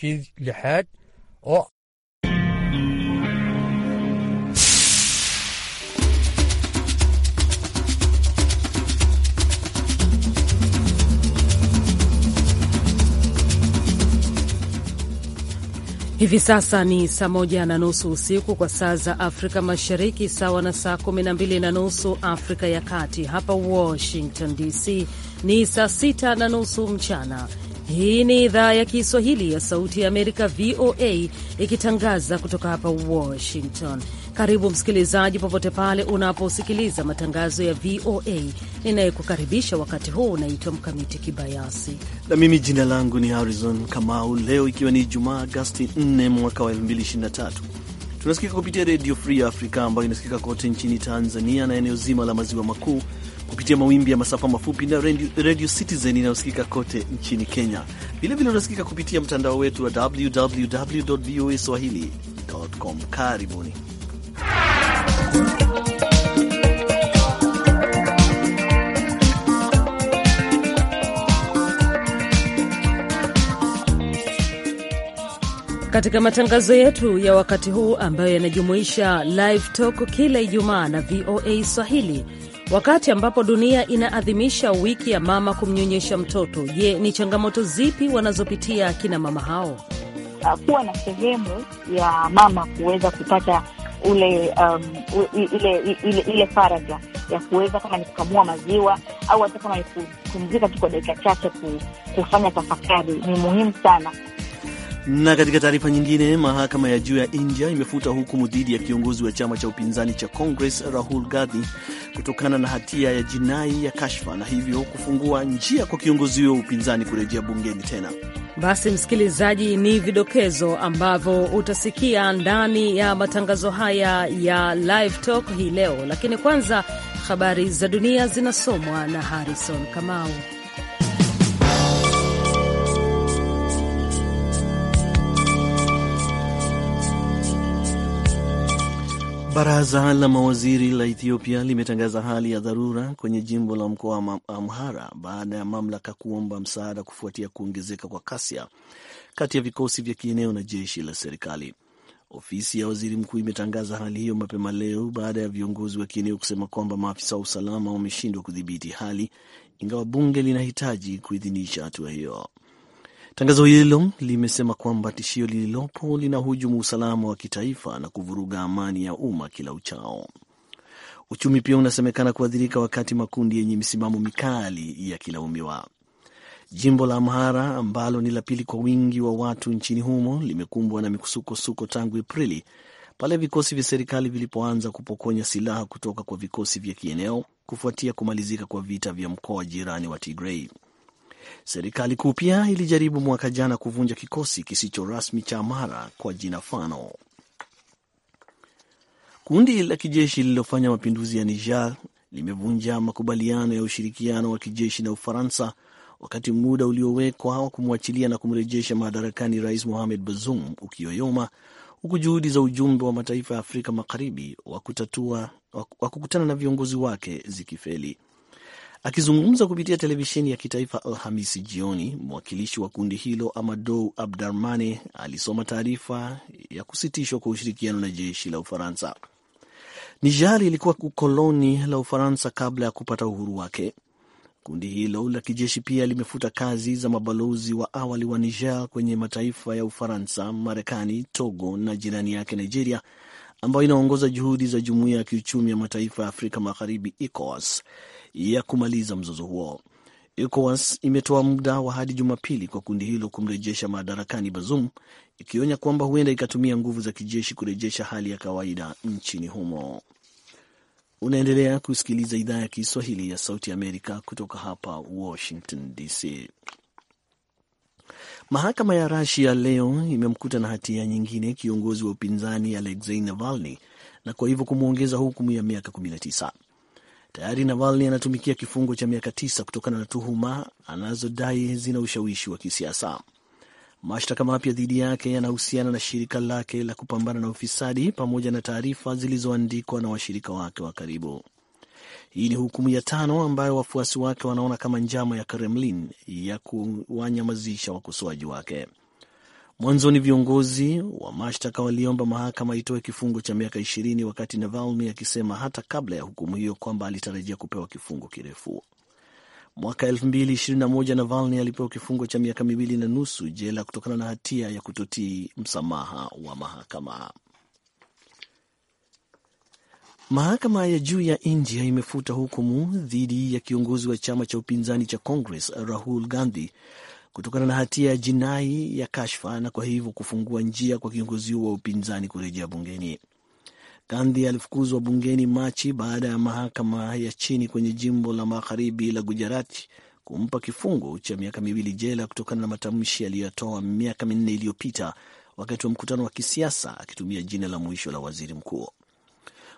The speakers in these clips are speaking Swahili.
Hii lixaad oo hivi sasa ni saa moja na nusu usiku kwa saa za Afrika Mashariki, sawa na saa kumi na mbili na nusu Afrika ya Kati. Hapa Washington DC ni saa sita na nusu mchana. Hii ni idhaa ya Kiswahili ya Sauti ya Amerika, VOA, ikitangaza kutoka hapa Washington. Karibu msikilizaji, popote pale unaposikiliza matangazo ya VOA. Ninayekukaribisha wakati huu unaitwa Mkamiti Kibayasi na mimi jina langu ni Harrison Kamau. Leo ikiwa ni Jumaa Agasti 4 mwaka wa 2023 tunasikika kupitia Redio Free Africa ambayo inasikika kote nchini Tanzania na eneo zima la maziwa makuu kupitia mawimbi ya masafa mafupi na Radio, Radio Citizen inayosikika kote nchini Kenya. Vilevile unasikika kupitia mtandao wetu wa www voa swahili.com. Karibuni. Katika matangazo yetu ya wakati huu ambayo yanajumuisha live talk kila Ijumaa na VOA Swahili Wakati ambapo dunia inaadhimisha wiki ya mama kumnyonyesha mtoto, je, ni changamoto zipi wanazopitia akina mama hao? Ah, kuwa na sehemu ya mama kuweza kupata ule um, ile ile, ile faraja ya kuweza kama ni kukamua maziwa au hata kama ni kupumzika tu kwa dakika chache, kufanya tafakari ni muhimu sana. Na katika taarifa nyingine, mahakama ya juu ya India imefuta hukumu dhidi ya kiongozi wa chama cha upinzani cha Congress Rahul Gandhi kutokana na hatia ya jinai ya kashfa na hivyo kufungua njia kwa kiongozi huyo wa upinzani kurejea bungeni tena. Basi msikilizaji, ni vidokezo ambavyo utasikia ndani ya matangazo haya ya Live Talk hii leo, lakini kwanza habari za dunia zinasomwa na Harrison Kamau. Baraza la mawaziri la Ethiopia limetangaza hali ya dharura kwenye jimbo la mkoa wa Amhara baada ya mamlaka kuomba msaada kufuatia kuongezeka kwa kasia kati ya vikosi vya kieneo na jeshi la serikali. Ofisi ya waziri mkuu imetangaza hali hiyo mapema leo baada ya viongozi wa kieneo kusema kwamba maafisa wa usalama wameshindwa kudhibiti hali, ingawa bunge linahitaji kuidhinisha hatua hiyo. Tangazo hilo limesema kwamba tishio lililopo linahujumu usalama wa kitaifa na kuvuruga amani ya umma kila uchao. Uchumi pia unasemekana kuathirika, wakati makundi yenye misimamo mikali yakilaumiwa. Jimbo la Amhara ambalo ni la pili kwa wingi wa watu nchini humo limekumbwa na mikusukosuko tangu Aprili pale vikosi vya serikali vilipoanza kupokonya silaha kutoka kwa vikosi vya kieneo kufuatia kumalizika kwa vita vya mkoa jirani wa Tigrei. Serikali kuu pia ilijaribu mwaka jana kuvunja kikosi kisicho rasmi cha Amhara kwa jina Fano. Kundi la kijeshi lililofanya mapinduzi ya Niger limevunja makubaliano ya ushirikiano wa kijeshi na Ufaransa wakati muda uliowekwa wa kumwachilia na kumrejesha madarakani Rais Mohamed Bazoum ukiyoyoma, huku juhudi za ujumbe wa mataifa ya Afrika Magharibi wa kukutana na viongozi wake zikifeli. Akizungumza kupitia televisheni ya kitaifa Alhamisi jioni, mwakilishi wa kundi hilo Amadou Abdarmane alisoma taarifa ya kusitishwa kwa ushirikiano na jeshi la Ufaransa. Niger ilikuwa ukoloni la Ufaransa kabla ya kupata uhuru wake. Kundi hilo la kijeshi pia limefuta kazi za mabalozi wa awali wa Niger kwenye mataifa ya Ufaransa, Marekani, Togo na jirani yake Nigeria, ambayo inaongoza juhudi za jumuiya ya kiuchumi ya mataifa ya Afrika Magharibi, ECOWAS, ya kumaliza mzozo huo. ECOWAS imetoa muda wa hadi Jumapili kwa kundi hilo kumrejesha madarakani Bazoum, ikionya kwamba huenda ikatumia nguvu za kijeshi kurejesha hali ya kawaida nchini humo. Unaendelea kusikiliza idhaa ya Kiswahili ya Sauti Amerika kutoka hapa Washington DC. Mahakama ya Rasia leo imemkuta na hatia nyingine kiongozi wa upinzani Alexei Navalny na kwa hivyo kumwongeza hukumu ya miaka 19. Tayari Navalny anatumikia kifungo cha miaka tisa kutokana na tuhuma anazodai zina ushawishi wa kisiasa. Mashtaka mapya dhidi yake yanahusiana na shirika lake la kupambana na ufisadi pamoja na taarifa zilizoandikwa na washirika wake wa karibu. Hii ni hukumu ya tano ambayo wafuasi wake wanaona kama njama ya Kremlin ya kuwanyamazisha wakosoaji wake. Mwanzoni viongozi wa mashtaka waliomba mahakama itoe kifungo cha miaka ishirini wakati Navalny akisema hata kabla ya hukumu hiyo kwamba alitarajia kupewa kifungo kirefu. Mwaka 2021 Navalny alipewa kifungo cha miaka miwili na nusu jela kutokana na hatia ya kutotii msamaha wa mahakama. Mahakama ya juu ya India imefuta hukumu dhidi ya kiongozi wa chama cha upinzani cha Congress Rahul Gandhi kutokana na hatia ya jinai ya kashfa na kwa hivyo kufungua njia kwa kiongozi huo wa upinzani kurejea bungeni. Gandhi alifukuzwa bungeni Machi baada ya mahakama ya chini kwenye jimbo la magharibi la Gujarati kumpa kifungo cha miaka miwili jela kutokana na matamshi aliyoyatoa miaka minne iliyopita wakati wa mkutano wa kisiasa akitumia jina la mwisho la waziri mkuu.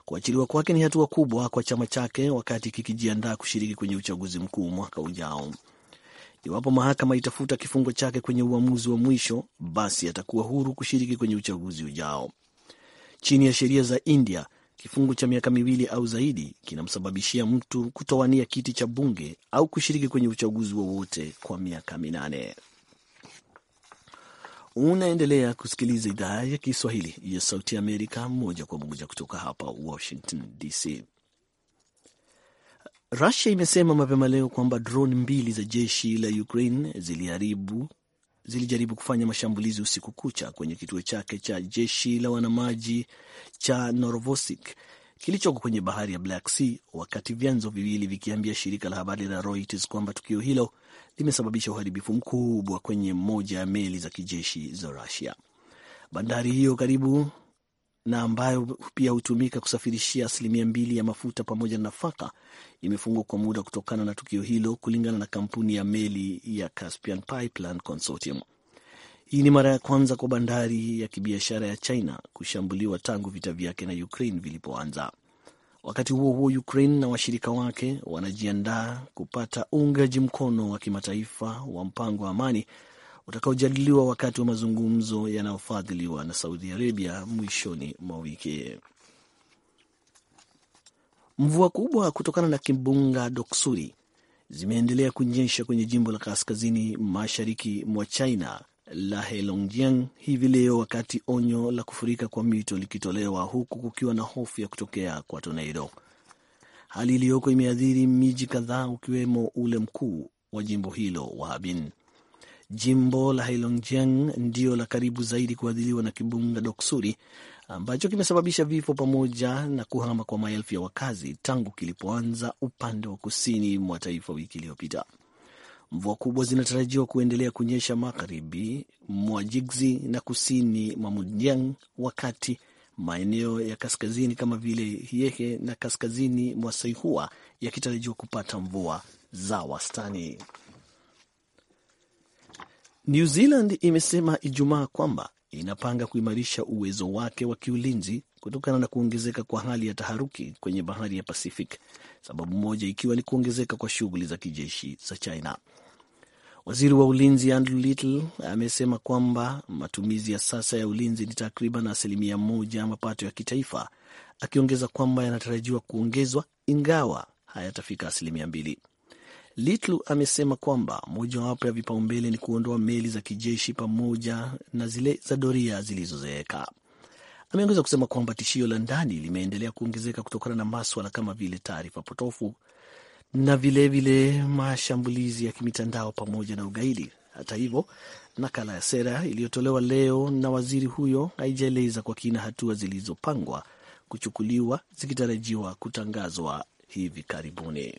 Kuachiliwa kwake ni hatua kubwa kwa chama chake wakati kikijiandaa kushiriki kwenye uchaguzi mkuu mwaka ujao. Iwapo mahakama itafuta kifungo chake kwenye uamuzi wa mwisho, basi atakuwa huru kushiriki kwenye uchaguzi ujao. Chini ya sheria za India, kifungo cha miaka miwili au zaidi kinamsababishia mtu kutowania kiti cha bunge au kushiriki kwenye uchaguzi wowote kwa miaka minane. Unaendelea kusikiliza idhaa ya Kiswahili ya Sauti Amerika moja kwa moja kutoka hapa Washington DC. Rusia imesema mapema leo kwamba droni mbili za jeshi la Ukraine ziliharibu zilijaribu kufanya mashambulizi usiku kucha kwenye kituo chake cha jeshi la wanamaji cha norvosik kilichoko kwenye bahari ya Black Sea, wakati vyanzo viwili vikiambia shirika la habari la Reuters kwamba tukio hilo limesababisha uharibifu mkubwa kwenye moja ya meli za kijeshi za Rusia. Bandari hiyo karibu na ambayo pia hutumika kusafirishia asilimia mbili ya mafuta pamoja na nafaka imefungwa kwa muda kutokana na tukio hilo, kulingana na kampuni ya meli ya Caspian Pipeline Consortium. Hii ni mara ya kwanza kwa bandari ya kibiashara ya China kushambuliwa tangu vita vyake na Ukraine vilipoanza. Wakati huo huo, Ukraine na washirika wake wanajiandaa kupata uungaji mkono wa kimataifa wa mpango wa amani utakaojadiliwa wakati wa mazungumzo yanayofadhiliwa na Saudi Arabia mwishoni mwa wiki. Mvua kubwa kutokana na kimbunga Doksuri zimeendelea kunyesha kwenye jimbo la kaskazini mashariki mwa China la Heilongjiang hivi leo, wakati onyo la kufurika kwa mito likitolewa huku kukiwa na hofu ya kutokea kwa tornado. Hali iliyoko imeathiri miji kadhaa ukiwemo ule mkuu wa jimbo hilo wa Harbin. Jimbo la Heilongjiang ndio la karibu zaidi kuadhiriwa na kimbunga Doksuri ambacho kimesababisha vifo pamoja na kuhama kwa maelfu ya wakazi tangu kilipoanza upande wa kusini mwa taifa wiki iliyopita. Mvua kubwa zinatarajiwa kuendelea kunyesha magharibi mwa Jigzi na kusini mwa Mujiang, wakati maeneo ya kaskazini kama vile Hiehe na kaskazini mwa Saihua yakitarajiwa kupata mvua za wastani. New Zealand imesema Ijumaa kwamba inapanga kuimarisha uwezo wake wa kiulinzi kutokana na kuongezeka kwa hali ya taharuki kwenye bahari ya Pacific, sababu moja ikiwa ni kuongezeka kwa shughuli za kijeshi za China. Waziri wa ulinzi Andrew Little amesema kwamba matumizi ya sasa ya ulinzi ni takriban asilimia moja ya mapato ya kitaifa, akiongeza kwamba yanatarajiwa kuongezwa ingawa hayatafika asilimia mbili. Little amesema kwamba mojawapo ya vipaumbele ni kuondoa meli za kijeshi pamoja na zile za doria zilizozeeka. Ameongeza kusema kwamba tishio la ndani limeendelea kuongezeka kutokana na maswala kama vile taarifa potofu na vilevile vile mashambulizi ya kimitandao pamoja na ugaidi. Hata hivyo, nakala ya sera iliyotolewa leo na waziri huyo haijaeleza kwa kina hatua zilizopangwa kuchukuliwa zikitarajiwa kutangazwa hivi karibuni.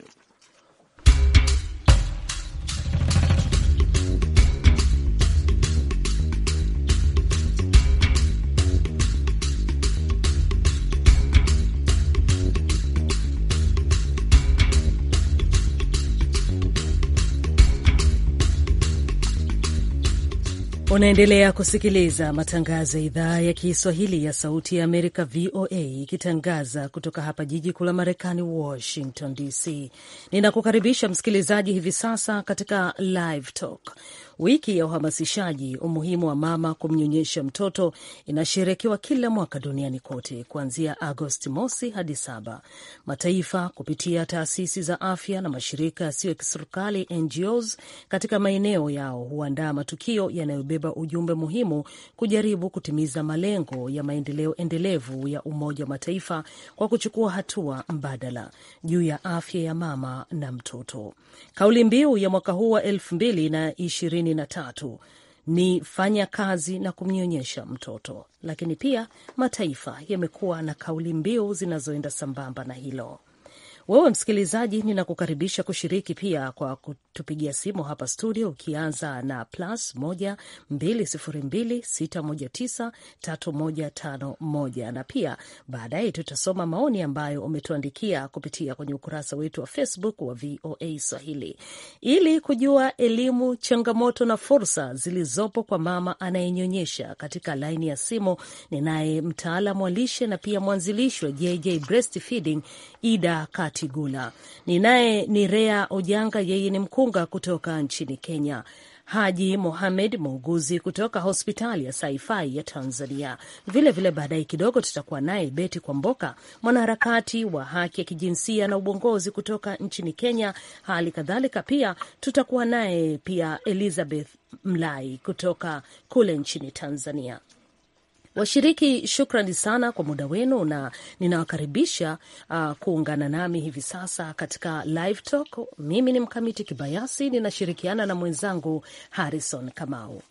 Unaendelea kusikiliza matangazo ya idhaa ya Kiswahili ya Sauti ya Amerika, VOA, ikitangaza kutoka hapa jiji kuu la Marekani, Washington DC. Ninakukaribisha msikilizaji hivi sasa katika Live Talk. Wiki ya uhamasishaji umuhimu wa mama kumnyonyesha mtoto inasherekewa kila mwaka duniani kote kuanzia Agosti mosi hadi saba. Mataifa kupitia taasisi za afya na mashirika yasiyo ya kiserikali NGOs katika maeneo yao huandaa matukio yanayobeba ujumbe muhimu kujaribu kutimiza malengo ya maendeleo endelevu ya Umoja wa Mataifa kwa kuchukua hatua mbadala juu ya afya ya mama na mtoto. Kauli mbiu ya mwaka huu wa elfu mbili na ishirini ishirini na tatu ni fanya kazi na kumnyonyesha mtoto, lakini pia mataifa yamekuwa na kauli mbiu zinazoenda sambamba na hilo. Wewe msikilizaji, ninakukaribisha kushiriki pia kwa kutupigia simu hapa studio, ukianza na plus 1 na pia baadaye tutasoma maoni ambayo umetuandikia kupitia kwenye ukurasa wetu wa Facebook wa VOA Swahili. Ili kujua elimu, changamoto na fursa zilizopo kwa mama anayenyonyesha, katika laini ya simu ninaye mtaalam wa lishe na pia mwanzilishi wa JJ Breastfeeding Ida Kati Tigula. Ninaye ni Rea Ojanga, yeye ni mkunga kutoka nchini Kenya, Haji Mohamed, muuguzi kutoka hospitali ya Saifai ya Tanzania. Vilevile baadaye kidogo tutakuwa naye Beti Kwamboka, mwanaharakati wa haki ya kijinsia na uongozi kutoka nchini Kenya. Hali kadhalika pia tutakuwa naye pia Elizabeth Mlai kutoka kule nchini Tanzania. Washiriki, shukrani sana kwa muda wenu, na ninawakaribisha uh, kuungana nami hivi sasa katika live talk. Mimi ni Mkamiti Kibayasi, ninashirikiana na mwenzangu Harrison Kamau.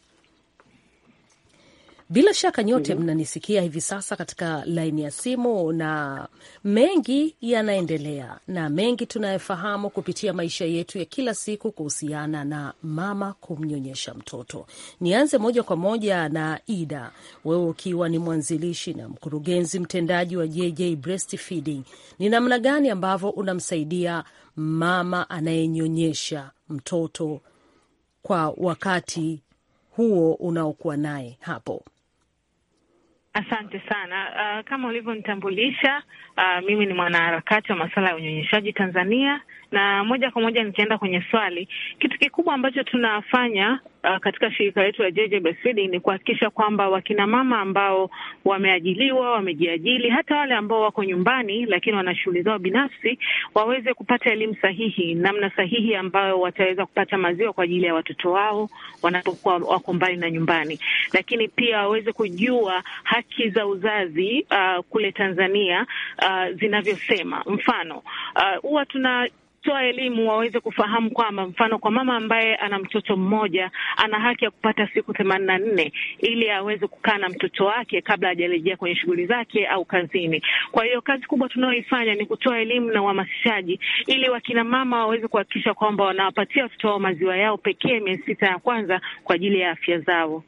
Bila shaka nyote mm -hmm. mnanisikia hivi sasa katika laini ya simu, na mengi yanaendelea na mengi tunayofahamu kupitia maisha yetu ya kila siku kuhusiana na mama kumnyonyesha mtoto. Nianze moja kwa moja na Ida, wewe ukiwa ni mwanzilishi na mkurugenzi mtendaji wa JJ Breastfeeding, ni namna gani ambavyo unamsaidia mama anayenyonyesha mtoto kwa wakati huo unaokuwa naye hapo? Asante sana. Uh, kama ulivyonitambulisha, uh, mimi ni mwanaharakati wa masuala ya unyonyeshaji Tanzania na moja kwa moja nikienda kwenye swali, kitu kikubwa ambacho tunafanya uh, katika shirika letu la JJ Breastfeeding ni kuhakikisha kwamba wakina mama ambao wameajiliwa, wamejiajili, hata wale ambao wako nyumbani lakini wana shughuli zao binafsi, waweze kupata elimu sahihi, namna sahihi ambayo wataweza kupata maziwa kwa ajili ya watoto wao wanapokuwa wako mbali na nyumbani, lakini pia waweze kujua haki za uzazi uh, kule Tanzania uh, zinavyosema. Mfano uh, huwa uh, tuna kutoa elimu waweze kufahamu kwamba mfano kwa mama ambaye ana mtoto mmoja ana haki ya kupata siku themanini na nne ili aweze kukaa na mtoto wake kabla hajarejea kwenye shughuli zake au kazini. Kwa hiyo kazi kubwa tunayoifanya ni kutoa elimu na uhamasishaji ili wakina mama waweze kuhakikisha kwamba wanawapatia watoto wao maziwa yao pekee miezi sita ya kwanza kwa ajili ya afya zao.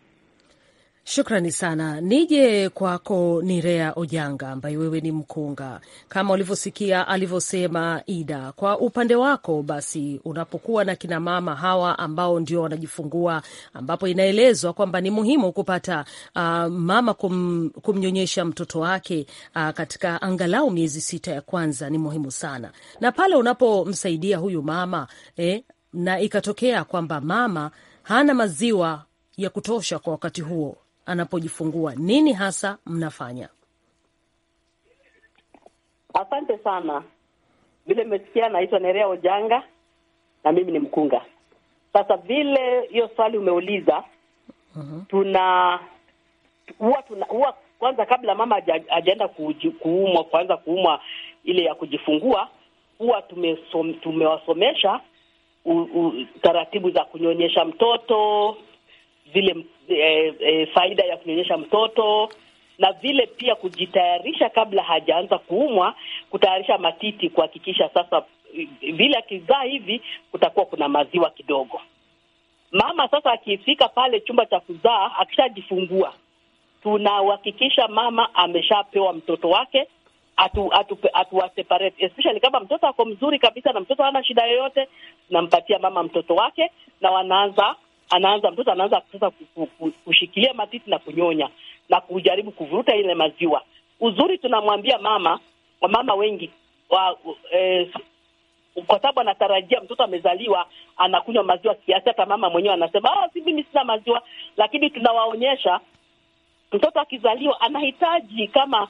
Shukrani sana. Nije kwako Nirea Ojanga, ambaye wewe ni mkunga, kama ulivyosikia alivyosema Ida. Kwa upande wako basi, unapokuwa na kinamama hawa ambao ndio wanajifungua, ambapo inaelezwa kwamba ni muhimu kupata uh, mama kum, kumnyonyesha mtoto wake uh, katika angalau miezi sita ya kwanza, ni muhimu sana, na pale unapomsaidia huyu mama eh, na ikatokea kwamba mama hana maziwa ya kutosha kwa wakati huo anapojifungua? Nini hasa mnafanya? Asante sana. Vile mmesikia, naitwa Nerea Ojanga na mimi ni mkunga. Sasa vile hiyo swali umeuliza, uh-huh. tuna huwa tuna huwa kwanza, kabla mama hajaenda kuumwa, kwanza kuumwa ile ya kujifungua, huwa tumesom, tumewasomesha u, u, taratibu za kunyonyesha mtoto, vile e, e, faida ya kunyonyesha mtoto na vile pia kujitayarisha kabla hajaanza kuumwa, kutayarisha matiti, kuhakikisha sasa eh, vile akizaa hivi kutakuwa kuna maziwa kidogo. Mama sasa akifika pale chumba cha kuzaa, akishajifungua, tunahakikisha mama ameshapewa mtoto wake, atu, atu, atu separate especially kama mtoto ako mzuri kabisa na mtoto hana shida yoyote, nampatia mama mtoto wake na wanaanza anaanza mtoto anaanza sasa kushikilia matiti na kunyonya na kujaribu kuvuruta ile maziwa. Uzuri tunamwambia mama, wamama wengi wa, eh, kwa sababu anatarajia mtoto amezaliwa anakunywa maziwa kiasi. Hata mama mwenyewe anasema ah, si mimi sina maziwa, lakini tunawaonyesha mtoto akizaliwa anahitaji kama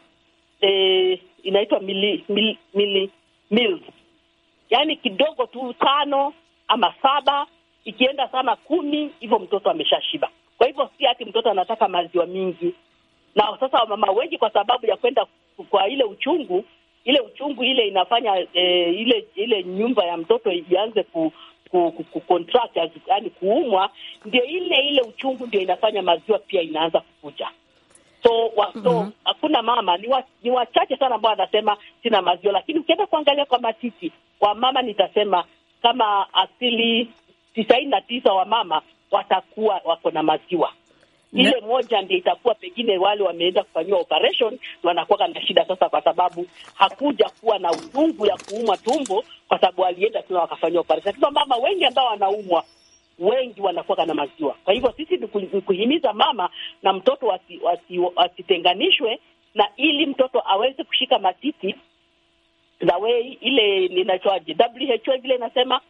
eh, inaitwa mili, mili, mili, mili, yaani kidogo tu tano ama saba ikienda sana kumi, hivyo mtoto ameshashiba. Kwa hivyo si ati mtoto anataka maziwa mingi. Na sasa wamama wengi kwa sababu ya kwenda kwa ile uchungu, ile uchungu ile inafanya e, ile ile nyumba ya mtoto ianze ku kucontract ku, ku, yani kuumwa, ndio ile ile uchungu ndio inafanya maziwa pia inaanza kukuja. So mhm. hakuna so, mm -hmm. Mama ni, wa, ni wachache sana ambao anasema sina maziwa, lakini ukienda kuangalia kwa matiti kwa mama nitasema kama asili tisaini na tisa wa mama watakuwa wako na maziwa ile na... moja ndio itakuwa pengine wale wameenda kufanyiwa operation wanakuwa na shida sasa, kwa sababu hakuja kuwa na uchungu ya kuumwa tumbo, kwa sababu walienda tuna wakafanyiwa operation. Kwa mama wengi ambao wanaumwa wengi wanakuwa na maziwa. Kwa hivyo sisi ni kuhimiza mama na mtoto wasitenganishwe, wasi, wasi na ili mtoto aweze kushika matiti na wei ile ninachoaje WHO vile inasema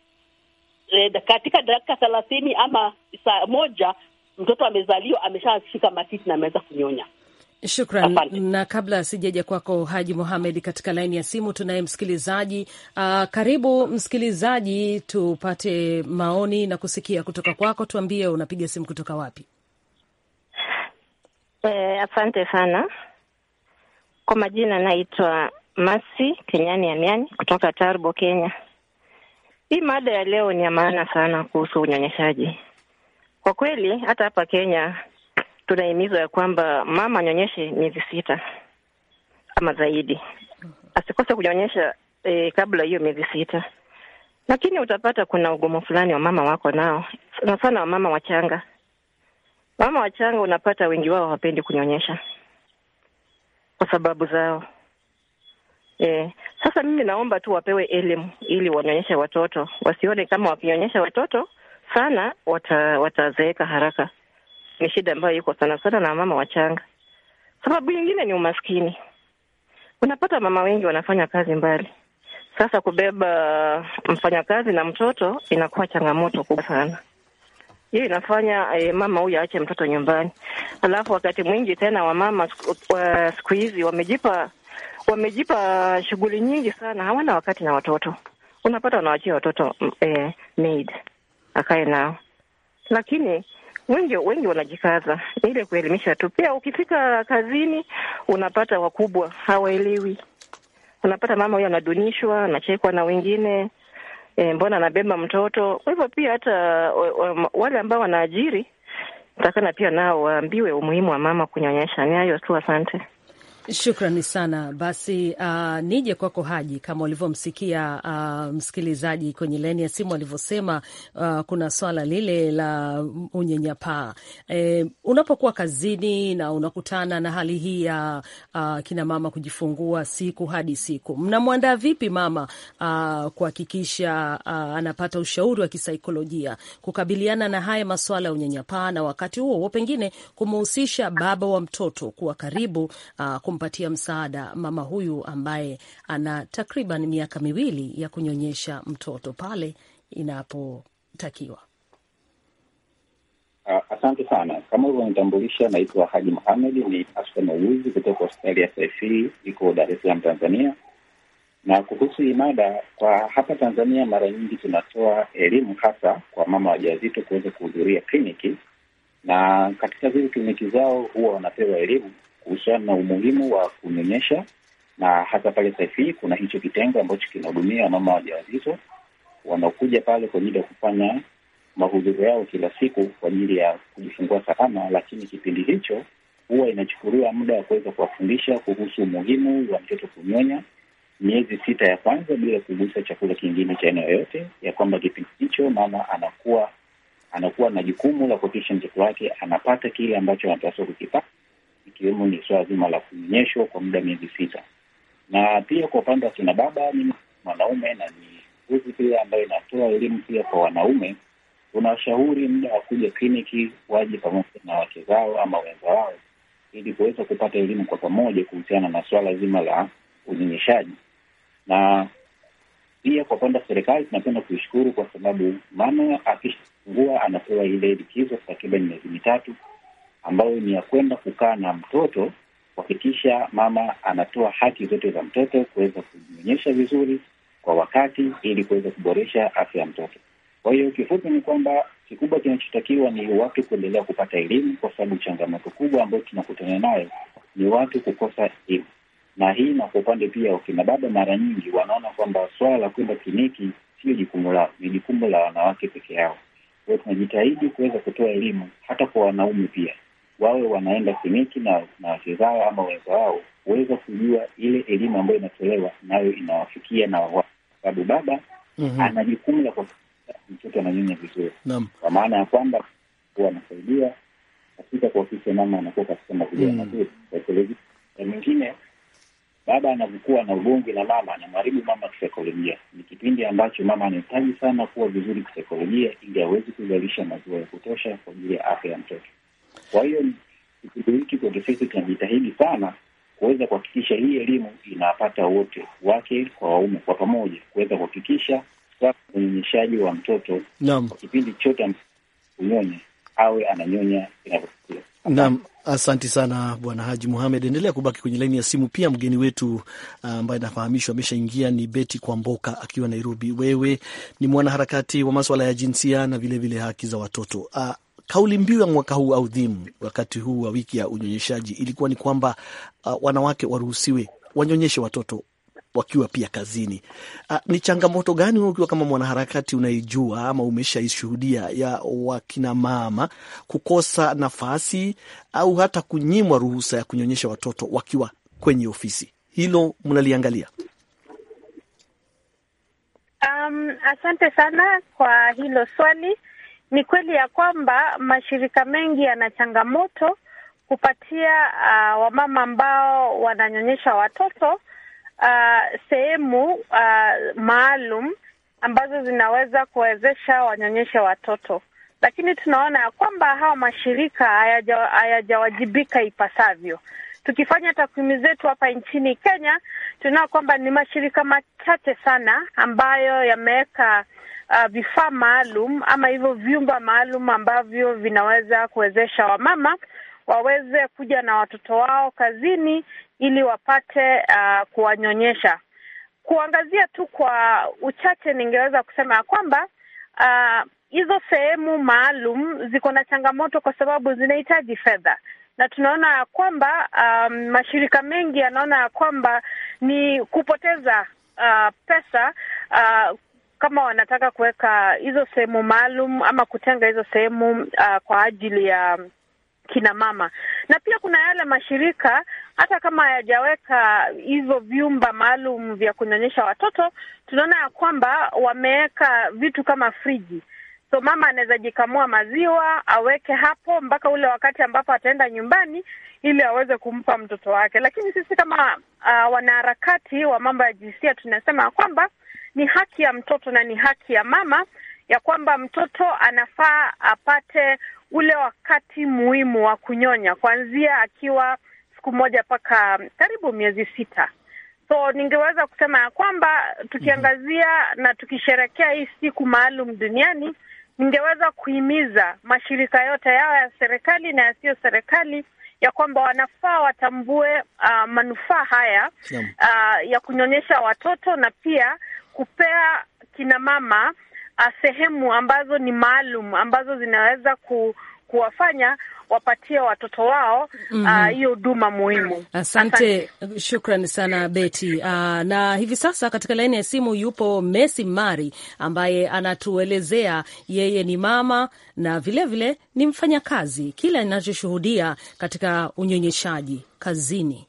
eh, katika dakika thelathini ama saa moja mtoto amezaliwa ameshashika matiti na ameweza kunyonya. Shukran Afante. Na kabla sijaja kwako Haji muhamed katika laini ya simu tunaye msikilizaji. Uh, karibu msikilizaji, tupate maoni na kusikia kutoka kwako. Tuambie unapiga simu kutoka wapi? Eh, asante sana kwa majina, naitwa Masi Kenyani Amiani kutoka Tarbo, Kenya. Hii mada ya leo ni ya maana sana kuhusu unyonyeshaji. Kwa kweli hata hapa Kenya tunahimizwa ya kwamba mama anyonyeshe miezi sita ama zaidi, asikose kunyonyesha e, kabla hiyo miezi sita, lakini utapata kuna ugumu fulani wa mama wako nao, sana sana wamama wachanga. Mama wachanga unapata wengi wao hawapendi kunyonyesha kwa sababu zao Eh, sasa mimi naomba tu wapewe elimu ili wanyonyeshe watoto, wasione kama wakionyesha watoto sana watazeeka haraka. Ni shida ambayo iko sana sana na mama wachanga. Sababu nyingine ni umaskini. Unapata mama wengi wanafanya kazi mbali, sasa kubeba mfanyakazi na mtoto inakuwa changamoto kubwa sana. Hiyo inafanya eh, mama huyu aache mtoto nyumbani, alafu wakati mwingi tena wamama siku hizi wamejipa wamejipa shughuli nyingi sana, hawana wakati na watoto. Unapata wanawachia watoto mm, eh, maid akae nao, lakini wengi wengi wanajikaza, ile kuelimisha tu. Pia ukifika kazini, unapata wakubwa hawaelewi, unapata mama huyo anadunishwa, anachekwa na wengine E, mbona anabeba mtoto? Kwa hivyo pia hata wale ambao wanaajiri takana pia nao waambiwe umuhimu wa mama kunyonyesha. Ni hayo tu, asante. Shukrani sana basi. Uh, nije kwako Haji, kama ulivyomsikia uh, msikilizaji kwenye laini ya simu alivyosema, uh, kuna swala lile la unyenyapaa eh, unapokuwa kazini na unakutana na hali hii ya uh, kina mama kujifungua siku hadi siku, mnamwandaa vipi mama uh, kuhakikisha uh, anapata ushauri wa kisaikolojia kukabiliana na haya maswala ya unyenyapaa, na wakati huo huo pengine kumhusisha baba wa mtoto kuwa karibu uh, kumpatia msaada mama huyu ambaye ana takriban miaka miwili ya kunyonyesha mtoto pale inapotakiwa. Ah, asante sana. Kama ulivyonitambulisha, naitwa Haji Muhamed, ni afisa muuguzi kutoka hospitali ya Saifii iko Dar es Salaam, Tanzania. Na kuhusu imada kwa hapa Tanzania mara nyingi tunatoa elimu hasa kwa mama wajawazito kuweza kuhudhuria kliniki, na katika zile kliniki zao huwa wanapewa elimu kuhusiana na umuhimu wa kunyonyesha, na hasa pale saifii kuna hicho kitengo ambacho kinahudumia wamama wajawazito wanaokuja pale kwa ajili ya kufanya mahudhurio yao kila siku kwa ajili ya kujifungua salama, lakini kipindi hicho huwa inachukuliwa muda wa kuweza kuwafundisha kuhusu umuhimu wa mtoto kunyonya miezi sita ya kwanza bila kugusa chakula kingine cha aina yoyote, ya kwamba kipindi hicho mama anakuwa anakuwa na jukumu la kuhakikisha mtoto wake anapata kile ambacho anapaswa kukipata ikiwemo ni swala zima la kunyonyeshwa kwa muda miezi sita, na pia kwa upande wa kina baba, ni mwanaume na ni uzi pia ambayo inatoa elimu pia kwa wanaume, unawashauri muda wa kuja kliniki waje pamoja na wake zao ama wenza wao, ili kuweza kupata elimu kwa pamoja kuhusiana na swala zima la unyonyeshaji. Na pia kwa upande wa serikali tunapenda kuishukuru kwa sababu mama akishafungua anapewa ile likizo takriban miezi mitatu ambayo ni ya kwenda kukaa na mtoto kuhakikisha mama anatoa haki zote za mtoto kuweza kujionyesha vizuri kwa wakati ili kuweza kuboresha afya ya mtoto. Kwa hiyo kifupi ni kwamba kikubwa kinachotakiwa ni watu kuendelea kupata elimu, kwa sababu changamoto kubwa ambayo tunakutana nayo ni watu kukosa elimu, na hii na kwa upande pia wakina baba mara nyingi wanaona kwamba swala la kwenda kliniki sio jukumu lao, ni jukumu la wanawake peke yao. Kwa hiyo tunajitahidi kuweza kutoa elimu hata kwa wanaume pia wawe wanaenda kliniki na wanawake zao ama wenza wao, huweza kujua ile elimu ambayo inatolewa nayo inawafikia na kwa sababu baba mm -hmm. ana jukumu la kuhakikisha mtoto ananyonya vizuri, kwa maana ya kwamba huwa anasaidia katika kuhakikisha mama anakuwa katika mazingira mhm. mazuri. Saikolojia mwingine baba anavyokuwa na ugomvi na mama, anamharibu mama kisaikolojia. Ni kipindi ambacho mama anahitaji sana kuwa vizuri kisaikolojia, ili aweze kuzalisha maziwa ya kutosha kwa ajili ya afya ya mtoto. Kwa hiyo kipindi hiki kwetu sisi tunajitahidi sana kuweza kuhakikisha hii elimu inapata wote, wake kwa waume, kwa pamoja kuweza kuhakikisha unyonyeshaji wa mtoto naam, kwa kipindi chote unyonya awe ananyonya inavyotakiwa. Naam, Asanti sana Bwana Haji Muhamed. Endelea kubaki kwenye laini ya simu. Pia mgeni wetu ah, ambaye uh, nafahamishwa ameshaingia ni Beti Kwamboka akiwa Nairobi. Wewe ni mwanaharakati wa maswala ya jinsia na vilevile vile haki za watoto uh, Kauli mbiu ya mwaka huu au dhimu wakati huu wa wiki ya unyonyeshaji, ilikuwa ni kwamba uh, wanawake waruhusiwe wanyonyeshe watoto wakiwa pia kazini. Uh, ni changamoto gani ukiwa kama mwanaharakati unaijua ama umeshaishuhudia ya wakinamama kukosa nafasi au hata kunyimwa ruhusa ya kunyonyesha watoto wakiwa kwenye ofisi? Hilo mnaliangalia? Um, asante sana kwa hilo swali. Ni kweli ya kwamba mashirika mengi yana changamoto kupatia uh, wamama ambao wananyonyesha watoto uh, sehemu uh, maalum ambazo zinaweza kuwezesha wanyonyeshe watoto, lakini tunaona ya kwamba hawa mashirika hayajawajibika ipasavyo. Tukifanya takwimu zetu hapa nchini Kenya, tunaona kwamba ni mashirika machache sana ambayo yameweka uh, vifaa maalum ama hivyo vyumba maalum ambavyo vinaweza kuwezesha wamama waweze kuja na watoto wao kazini ili wapate uh, kuwanyonyesha. Kuangazia tu kwa uchache, ningeweza kusema ya kwamba uh, hizo uh, sehemu maalum ziko na changamoto kwa sababu zinahitaji fedha na tunaona ya kwamba um, mashirika mengi yanaona ya kwamba ni kupoteza uh, pesa uh, kama wanataka kuweka hizo sehemu maalum ama kutenga hizo sehemu uh, kwa ajili ya kina mama, na pia kuna yale mashirika hata kama hayajaweka hivyo vyumba maalum vya kunyonyesha watoto, tunaona ya kwamba wameweka vitu kama friji So mama anaweza jikamua maziwa aweke hapo mpaka ule wakati ambapo ataenda nyumbani ili aweze kumpa mtoto wake. Lakini sisi kama uh, wanaharakati wa mambo ya jinsia tunasema kwamba ni haki ya mtoto na ni haki ya mama ya kwamba mtoto anafaa apate ule wakati muhimu wa kunyonya kuanzia akiwa siku moja mpaka karibu miezi sita. So ningeweza kusema ya kwamba tukiangazia na tukisherekea hii siku maalum duniani, ningeweza kuhimiza mashirika yote yao ya serikali na yasiyo serikali ya kwamba wanafaa watambue uh, manufaa haya uh, ya kunyonyesha watoto na pia kupea kina mama uh, sehemu ambazo ni maalum ambazo zinaweza ku, kuwafanya wapatie watoto wao mhm. ah, hiyo mm huduma -hmm. uh, muhimu. Asante, asante. Shukrani sana Beti. Uh, ah, na hivi sasa katika laini ya simu yupo Messi Mari ambaye anatuelezea yeye ni mama na vilevile vile, ni mfanyakazi, kile anachoshuhudia katika unyonyeshaji kazini.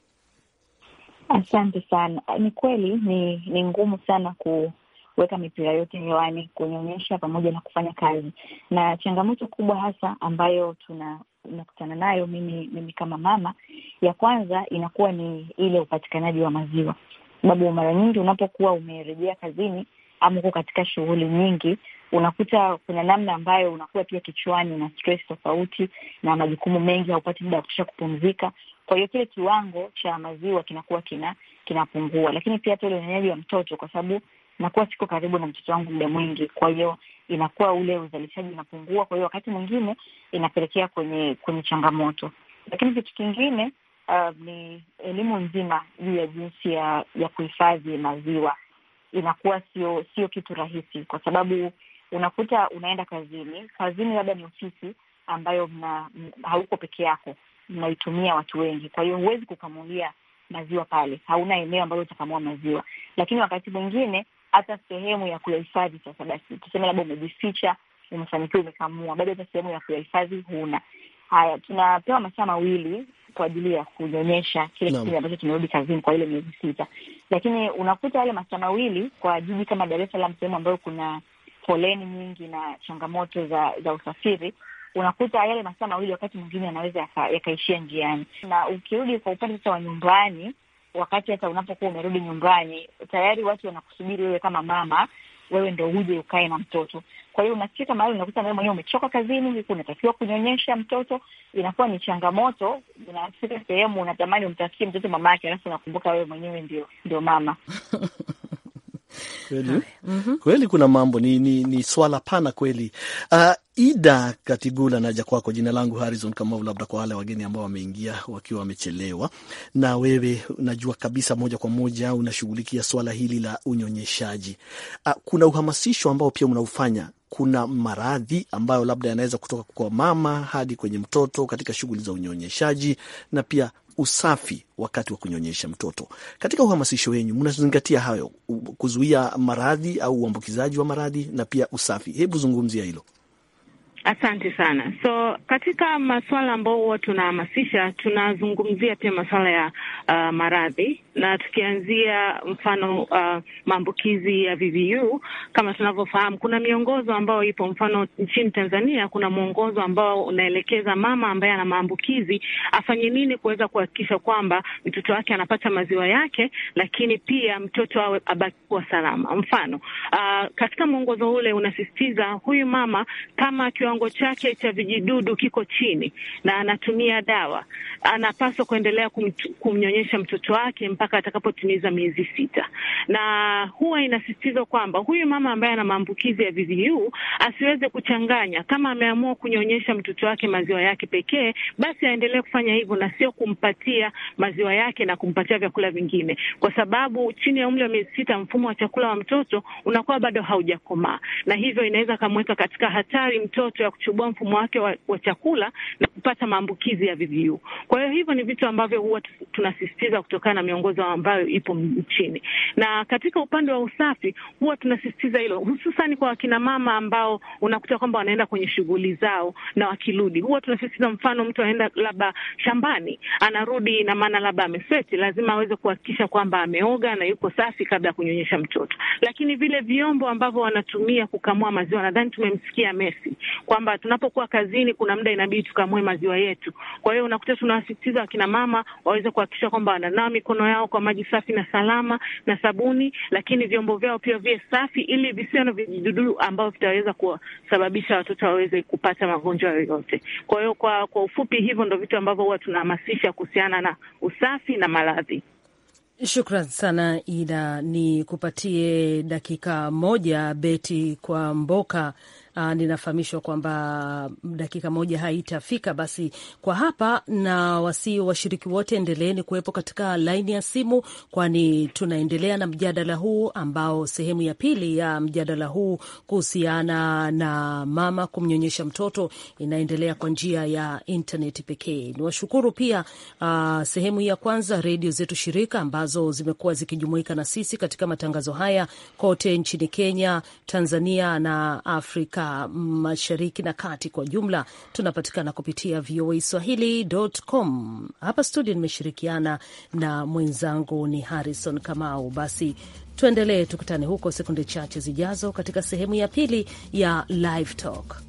Asante sana. Ni kweli ni, ni ngumu sana ku weka mipira yote hewani kunyonyesha pamoja na kufanya kazi, na changamoto kubwa hasa ambayo tuna nakutana nayo mimi mimi kama mama, ya kwanza inakuwa ni ile upatikanaji wa maziwa, sababu mara nyingi unapokuwa umerejea kazini ama uko katika shughuli nyingi, unakuta kuna namna ambayo unakuwa pia kichwani na stress tofauti na majukumu mengi, haupati muda wa kutosha kupumzika. Kwa hiyo kile kiwango cha maziwa kinakuwa kina kinapungua, lakini pia hata unyonyaji wa mtoto, kwa sababu nakuwa siko karibu na mtoto wangu muda mwingi, kwa hiyo inakuwa ule uzalishaji unapungua, kwa hiyo wakati mwingine inapelekea kwenye kwenye changamoto. Lakini kitu kingine uh, ni elimu nzima juu ya jinsi ya ya kuhifadhi maziwa inakuwa sio sio kitu rahisi, kwa sababu unakuta unaenda kazini, kazini labda ni ofisi ambayo mna hauko peke yako, mnaitumia watu wengi, kwa hiyo huwezi kukamulia maziwa pale, hauna eneo ambalo utakamua maziwa. Lakini wakati mwingine hata sehemu ya kuyahifadhi. Sasa basi tuseme labda umejificha, umefanikiwa, umekamua, bado hata sehemu ya kuyahifadhi huna. Haya, tunapewa masaa mawili kwa ajili ya kunyonyesha kile kipindi ambacho tumerudi kazini kwa ile miezi sita, lakini unakuta yale masaa mawili kwa jiji kama Dar es Salaam, sehemu ambayo kuna foleni nyingi na changamoto za za usafiri, unakuta yale masaa mawili wakati mwingine yanaweza yakaishia njiani, na ukirudi kwa upande sasa wa nyumbani wakati hata unapokuwa umerudi nyumbani, tayari watu wanakusubiri wewe kama mama, wewe ndo uje ukae na mtoto. Kwa hiyo unafika mahali unakuta nawe mwenyewe umechoka kazini, huku unatakiwa kunyonyesha mtoto, inakuwa ni changamoto. Unafika sehemu unatamani umtafikie mtoto mama yake, alafu unakumbuka wewe mwenyewe ndio ndio mama kweli mm -hmm. Kweli kuna mambo ni, ni, ni swala pana kweli. Uh, Ida Katigula, naja kwako. Jina langu Harrison Kamau, labda kwa wale wageni ambao wameingia wakiwa wamechelewa. Na wewe najua kabisa moja kwa moja unashughulikia swala hili la unyonyeshaji. Uh, kuna uhamasisho ambao pia unaofanya kuna maradhi ambayo labda yanaweza kutoka kwa mama hadi kwenye mtoto katika shughuli za unyonyeshaji, na pia usafi wakati wa kunyonyesha mtoto. Katika uhamasisho wenyu mnazingatia hayo, kuzuia maradhi au uambukizaji wa maradhi na pia usafi, hebu zungumzia hilo. Asante sana. So katika masuala ambayo huwa tunahamasisha, tunazungumzia pia masuala ya uh, maradhi na tukianzia mfano uh, maambukizi ya VVU. Kama tunavyofahamu, kuna miongozo ambayo ipo, mfano nchini Tanzania kuna mwongozo ambao unaelekeza mama ambaye ana maambukizi afanye nini kuweza kuhakikisha kwamba mtoto wake anapata maziwa yake, lakini pia mtoto awe abaki kuwa salama. Mfano uh, katika mwongozo ule unasisitiza huyu mama kama akiwa kiwango chake cha vijidudu kiko chini na anatumia dawa, anapaswa kuendelea kumnyonyesha mtoto wake mpaka atakapotimiza miezi sita. Na huwa inasisitizwa kwamba huyu mama ambaye ana maambukizi ya VVU asiweze kuchanganya. Kama ameamua kunyonyesha mtoto wake maziwa yake pekee, basi aendelee kufanya hivyo na sio kumpatia maziwa yake na kumpatia vyakula vingine, kwa sababu chini ya umri wa miezi sita mfumo wa chakula wa mtoto unakuwa bado haujakomaa, na hivyo inaweza akamweka katika hatari mtoto ya kuchubua mfumo wake wa, wa chakula na kupata maambukizi ya VVU. Kwa hiyo hivyo ni vitu ambavyo huwa tunasisitiza kutokana na miongozo ambayo ipo nchini, na katika upande wa usafi huwa tunasisitiza hilo, hususani kwa wakina mama ambao unakuta kwamba wanaenda kwenye shughuli zao na wakirudi, huwa tunasisitiza, mfano mtu anaenda labda shambani, anarudi na maana labda amesweti, lazima aweze kuhakikisha kwamba ameoga na yuko safi kabla ya kunyonyesha mtoto. Lakini vile vyombo ambavyo wanatumia kukamua maziwa, nadhani tumemsikia Messi kwamba tunapokuwa kazini, kuna muda inabidi tukamue maziwa yetu. Kwa hiyo unakuta tunawasisitiza wakina mama waweze kuhakikisha kwamba wananawa mikono yao kwa maji safi na salama na sabuni, lakini vyombo vyao pia viwe safi, ili visiwe na vijidudu ambavyo vitaweza kusababisha watoto waweze kupata magonjwa yoyote. Kwa hiyo kwa, kwa ufupi hivyo ndo vitu ambavyo huwa tunahamasisha kuhusiana na usafi na maradhi. Shukran sana Ida, ni kupatie dakika moja Beti kwa Mboka uh, ninafahamishwa kwamba dakika moja haitafika. Basi kwa hapa na wasi washiriki wote, endeleeni kuwepo katika laini ya simu, kwani tunaendelea na mjadala huu ambao sehemu ya pili ya mjadala huu kuhusiana na mama kumnyonyesha mtoto inaendelea kwa njia ya intaneti pekee. Niwashukuru pia uh, sehemu ya kwanza redio zetu shirika ambazo zimekuwa zikijumuika na sisi katika matangazo haya kote nchini Kenya, Tanzania na Afrika Afrika Mashariki na Kati kwa jumla. Tunapatikana kupitia VOA Swahili.com. Hapa studio nimeshirikiana na mwenzangu ni Harrison Kamau. Basi tuendelee, tukutane huko sekunde chache zijazo katika sehemu ya pili ya Live Talk.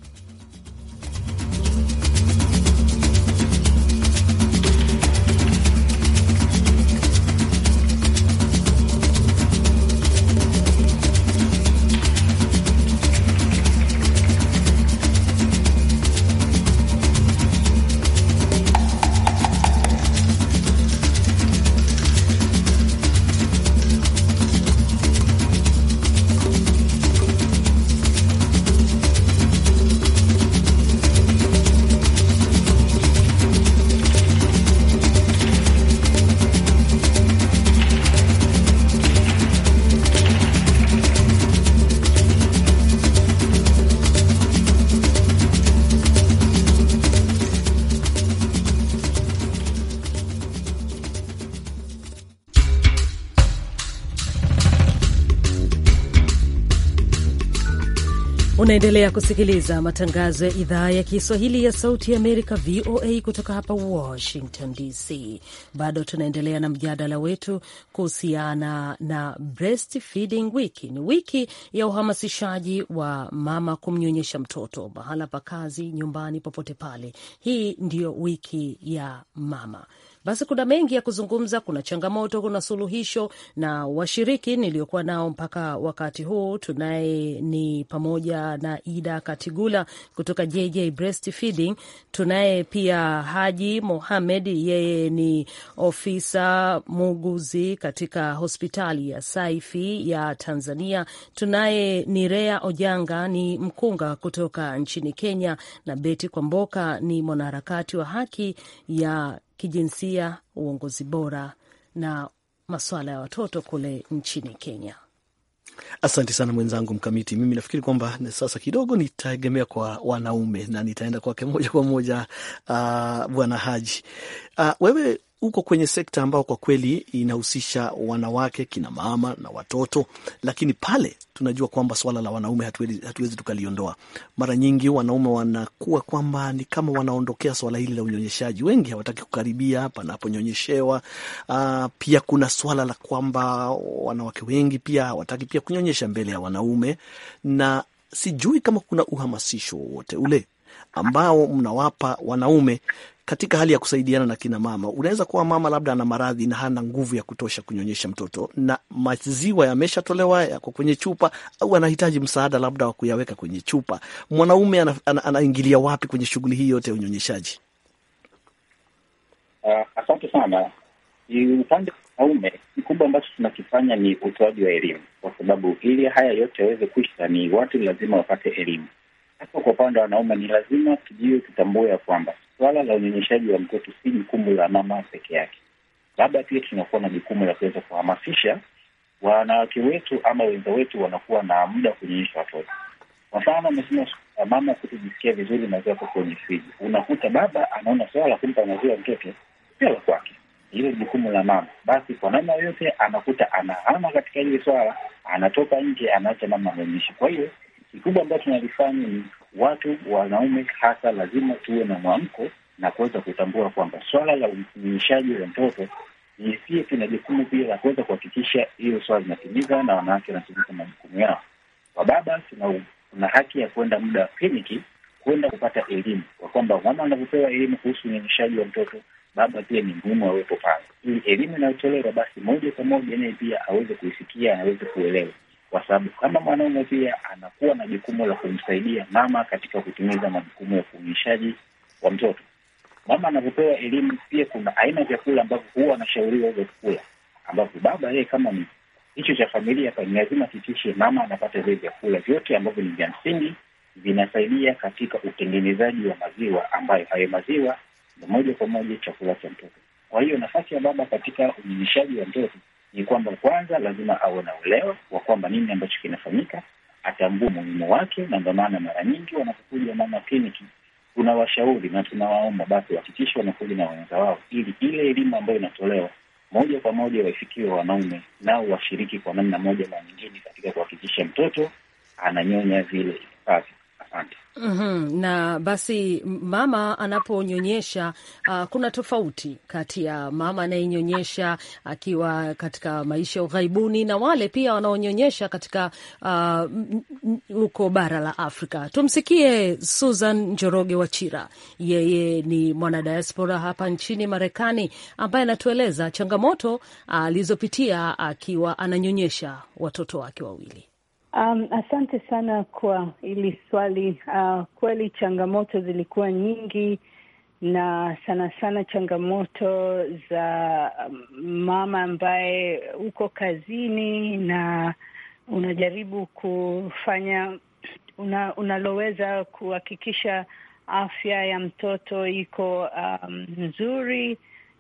Unaendelea kusikiliza matangazo ya idhaa ya Kiswahili ya Sauti ya Amerika, VOA, kutoka hapa Washington DC. Bado tunaendelea na mjadala wetu kuhusiana na breastfeeding wiki. Ni wiki ya uhamasishaji wa mama kumnyonyesha mtoto mahala pa kazi, nyumbani, popote pale. Hii ndiyo wiki ya mama basi kuna mengi ya kuzungumza, kuna changamoto, kuna suluhisho. Na washiriki niliokuwa nao mpaka wakati huu tunaye ni pamoja na Ida Katigula kutoka JJ Breastfeeding, tunaye pia Haji Mohamed, yeye ni ofisa muuguzi katika hospitali ya Saifi ya Tanzania, tunaye Nirea Ojanga ni mkunga kutoka nchini Kenya na Beti Kwamboka ni mwanaharakati wa haki ya kijinsia, uongozi bora na masuala ya watoto kule nchini Kenya. Asante sana mwenzangu Mkamiti. Mimi nafikiri kwamba sasa kidogo nitaegemea kwa wanaume na nitaenda kwake moja kwa moja. Uh, Bwana Haji, uh, wewe uko kwenye sekta ambayo kwa kweli inahusisha wanawake, kina mama na watoto, lakini pale tunajua kwamba swala la wanaume hatuwezi, hatuwezi tukaliondoa. Mara nyingi wanaume wanakuwa kwamba ni kama wanaondokea swala hili la unyonyeshaji, wengi hawataki kukaribia panaponyonyeshewa. Ah, pia kuna swala la kwamba wanawake wengi pia hawataki pia kunyonyesha mbele ya wanaume, na sijui kama kuna uhamasisho wowote ule ambao mnawapa wanaume katika hali ya kusaidiana na kina mama, unaweza kuwa mama labda ana maradhi na hana nguvu ya kutosha kunyonyesha mtoto, na maziwa yameshatolewa yako kwenye chupa, au anahitaji msaada labda wa kuyaweka kwenye chupa. Mwanaume anaingilia ana, ana wapi kwenye shughuli hii yote ya unyonyeshaji? Uh, asante sana. Upande wa wanaume, kikubwa ambacho tunakifanya ni utoaji wa elimu, kwa sababu ili haya yote yaweze kuisha, ni watu lazima wapate elimu. Hasa kwa upande wa wanaume, ni lazima tujue, tutambue ya kwamba swala la unyonyeshaji wa mtoto si jukumu la mama peke yake, labda pia tunakuwa na jukumu la kuweza kuhamasisha wanawake wetu ama wenza wetu wanakuwa na muda wa kunyonyesha watoto. Kwa mfano, amesema mama kutojisikia vizuri maziwa kwa kwenye friji, unakuta baba anaona swala la kumpa maziwa mtoto sio la kwake, hilo jukumu la mama. Basi kwa namna yoyote anakuta anahama katika hili swala, anatoka nje, anaacha mama anyonyeshe. Kwa hiyo kikubwa ambacho tunalifanya ni watu wanaume hasa lazima tuwe na mwamko na kuweza kutambua kwamba swala la unyonyeshaji wa mtoto jinsia tuna jukumu pia la kuweza kuhakikisha hiyo swala linatimiza, na wanawake wanatimiza majukumu yao. kwa baba tuna haki ya kuenda muda wa kliniki kuenda kupata elimu kwa kwamba mama anavyopewa elimu kuhusu unyonyeshaji wa mtoto, baba pia ni ngumu awepo pale, ili elimu inayotolewa basi moja kwa moja naye pia aweze kuisikia, aweze kuelewa kwa sababu kama mwanaume pia anakuwa na jukumu la kumsaidia mama katika kutimiza majukumu ya uonyeshaji wa mtoto. Mama anavyopewa elimu, pia kuna aina ya vyakula ambavyo huwa anashauriwa hivyo kukula, ambavyo baba yeye kama ni hicho cha familia pa, ni lazima hakikishe mama anapata vile vyakula vyote ambavyo ni vya msingi, vinasaidia katika utengenezaji wa maziwa, ambayo hayo maziwa ni moja kwa moja chakula cha mtoto. Kwa hiyo nafasi ya baba katika unyonyeshaji wa mtoto ni kwamba kwanza lazima awe na uelewa wa kwamba nini ambacho kinafanyika, atambue umuhimu wake, na ndio maana mara nyingi wanapokuja mama kliniki tunawashauri na tunawaomba basi wahakikishe wanakuja na wenza wao, ili ile elimu ambayo inatolewa moja kwa moja waifikiwe wanaume, nao washiriki kwa namna moja na nyingine katika kuhakikisha mtoto ananyonya vile ipasavyo. Asante. mm -hmm. Na basi mama anaponyonyesha, uh, kuna tofauti kati ya mama anayenyonyesha akiwa katika maisha ya ughaibuni na wale pia wanaonyonyesha katika ah, huko uh, bara la Afrika. Tumsikie Susan Njoroge Wachira, yeye ni mwanadiaspora hapa nchini Marekani ambaye anatueleza changamoto ah, alizopitia uh, akiwa ananyonyesha watoto wake wawili. Um, asante sana kwa hili swali. Uh, kweli changamoto zilikuwa nyingi na sana sana changamoto za um, mama ambaye uko kazini na unajaribu kufanya una, unaloweza kuhakikisha afya ya mtoto iko um, nzuri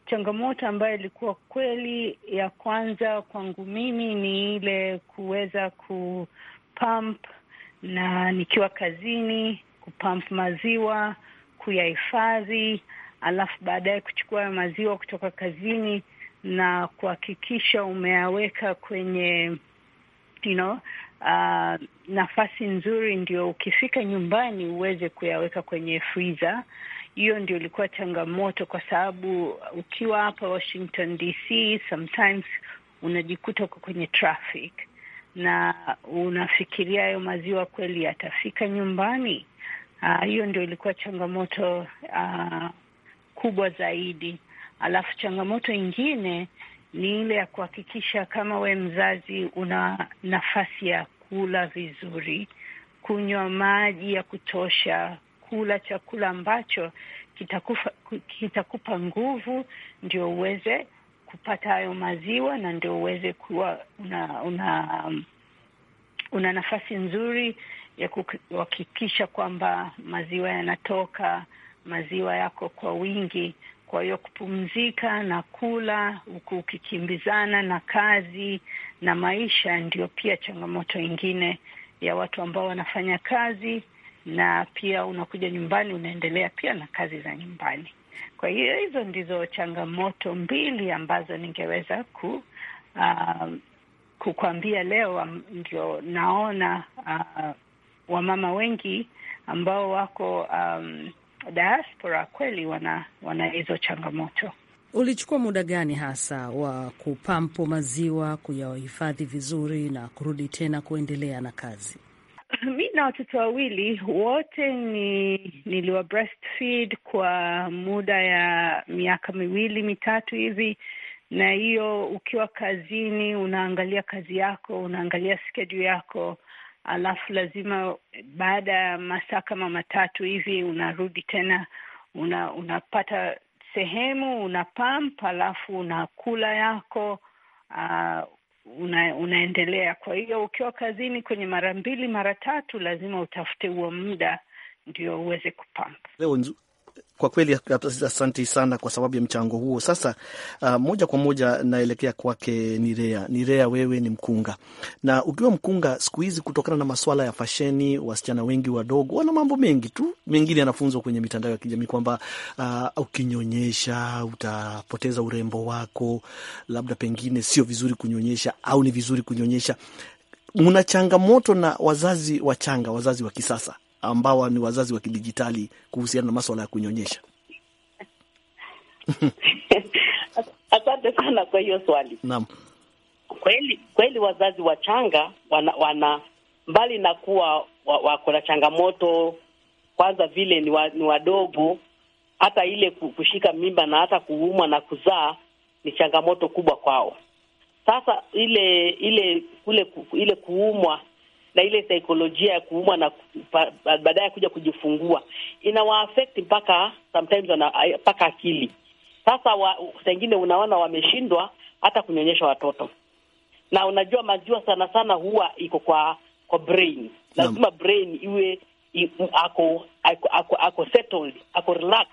Changamoto ambayo ilikuwa kweli ya kwanza kwangu mimi ni ile kuweza kupump na nikiwa kazini, kupump maziwa, kuyahifadhi, alafu baadaye kuchukua maziwa kutoka kazini na kuhakikisha umeyaweka kwenye you know, uh, nafasi nzuri, ndio ukifika nyumbani uweze kuyaweka kwenye freezer hiyo ndio ilikuwa changamoto, kwa sababu ukiwa hapa Washington DC sometimes unajikuta uko kwenye traffic na unafikiria hayo maziwa kweli yatafika nyumbani. Ah, hiyo uh, ndio ilikuwa changamoto uh, kubwa zaidi. Alafu changamoto ingine ni ile ya kuhakikisha kama we mzazi una nafasi ya kula vizuri, kunywa maji ya kutosha, kula chakula ambacho kitakufa, kitakupa nguvu ndio uweze kupata hayo maziwa na ndio uweze kuwa una una, una nafasi nzuri ya kuhakikisha kwamba maziwa yanatoka, maziwa yako kwa wingi. Kwa hiyo kupumzika na kula huku ukikimbizana na kazi na maisha, ndio pia changamoto ingine ya watu ambao wanafanya kazi na pia unakuja nyumbani unaendelea pia na kazi za nyumbani. Kwa hiyo hizo ndizo changamoto mbili ambazo ningeweza ku uh, kukwambia leo. Ndio naona uh, wamama wengi ambao wako um, diaspora kweli wana wana hizo changamoto. Ulichukua muda gani hasa wa kupampo maziwa, kuyahifadhi vizuri na kurudi tena kuendelea na kazi? Mi na watoto wawili wote ni niliwa breastfeed kwa muda ya miaka miwili mitatu hivi, na hiyo ukiwa kazini, unaangalia kazi yako, unaangalia skedu yako, alafu lazima baada ya masaa kama matatu hivi unarudi tena, una, unapata sehemu una alafu una kula yako uh, una, unaendelea. Kwa hiyo ukiwa kazini kwenye mara mbili mara tatu, lazima utafute huo muda ndio uweze kupanga. Leo kwa kweli asanti sana kwa sababu ya mchango huo. Sasa uh, moja kwa moja naelekea kwake Nirea. Nirea, wewe ni mkunga, na ukiwa mkunga siku hizi, kutokana na maswala ya fasheni, wasichana wengi wadogo wana mambo mengi tu, mengine yanafunzwa kwenye mitandao ya kijamii kwamba uh, ukinyonyesha utapoteza urembo wako, labda pengine sio vizuri kunyonyesha au ni vizuri kunyonyesha. Mna changamoto na wazazi wachanga, wazazi wa kisasa ambao ni wazazi wa kidijitali kuhusiana na maswala ya kunyonyesha? Asante sana kwa hiyo swali. Naam, kweli kweli, wazazi wachanga wana, wana mbali na kuwa wako na changamoto, kwanza vile ni, wa, ni wadogo, hata ile kushika mimba na hata kuumwa na kuzaa ni changamoto kubwa kwao. Sasa ile ile kule ile kuumwa na ile saikolojia ya kuumwa na baadaye kuja kujifungua inawaaffect mpaka sometimes mpaka akili. Sasa sengine unaona wameshindwa hata kunyonyesha watoto, na unajua maziwa sana sana huwa iko kwa kwa brain, lazima brain iwe ako, ako, ako, ako settled ako relax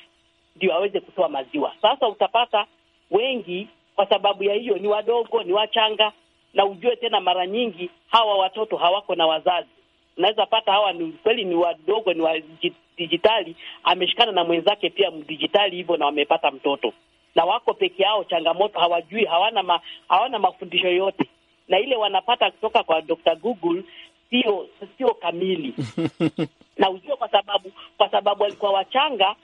ndio aweze kutoa maziwa. Sasa utapata wengi kwa sababu ya hiyo, ni wadogo, ni wachanga, na ujue tena, mara nyingi hawa watoto hawako na wazazi. Unaweza pata hawa ni kweli ni wadogo, ni wa dijitali, ameshikana na mwenzake pia mdijitali hivyo, na wamepata mtoto na wako peke yao. Changamoto hawajui, hawana ma, hawana mafundisho yote, na ile wanapata kutoka kwa Dr. Google sio sio kamili na ujue, kwa sababu kwa sababu walikuwa wachanga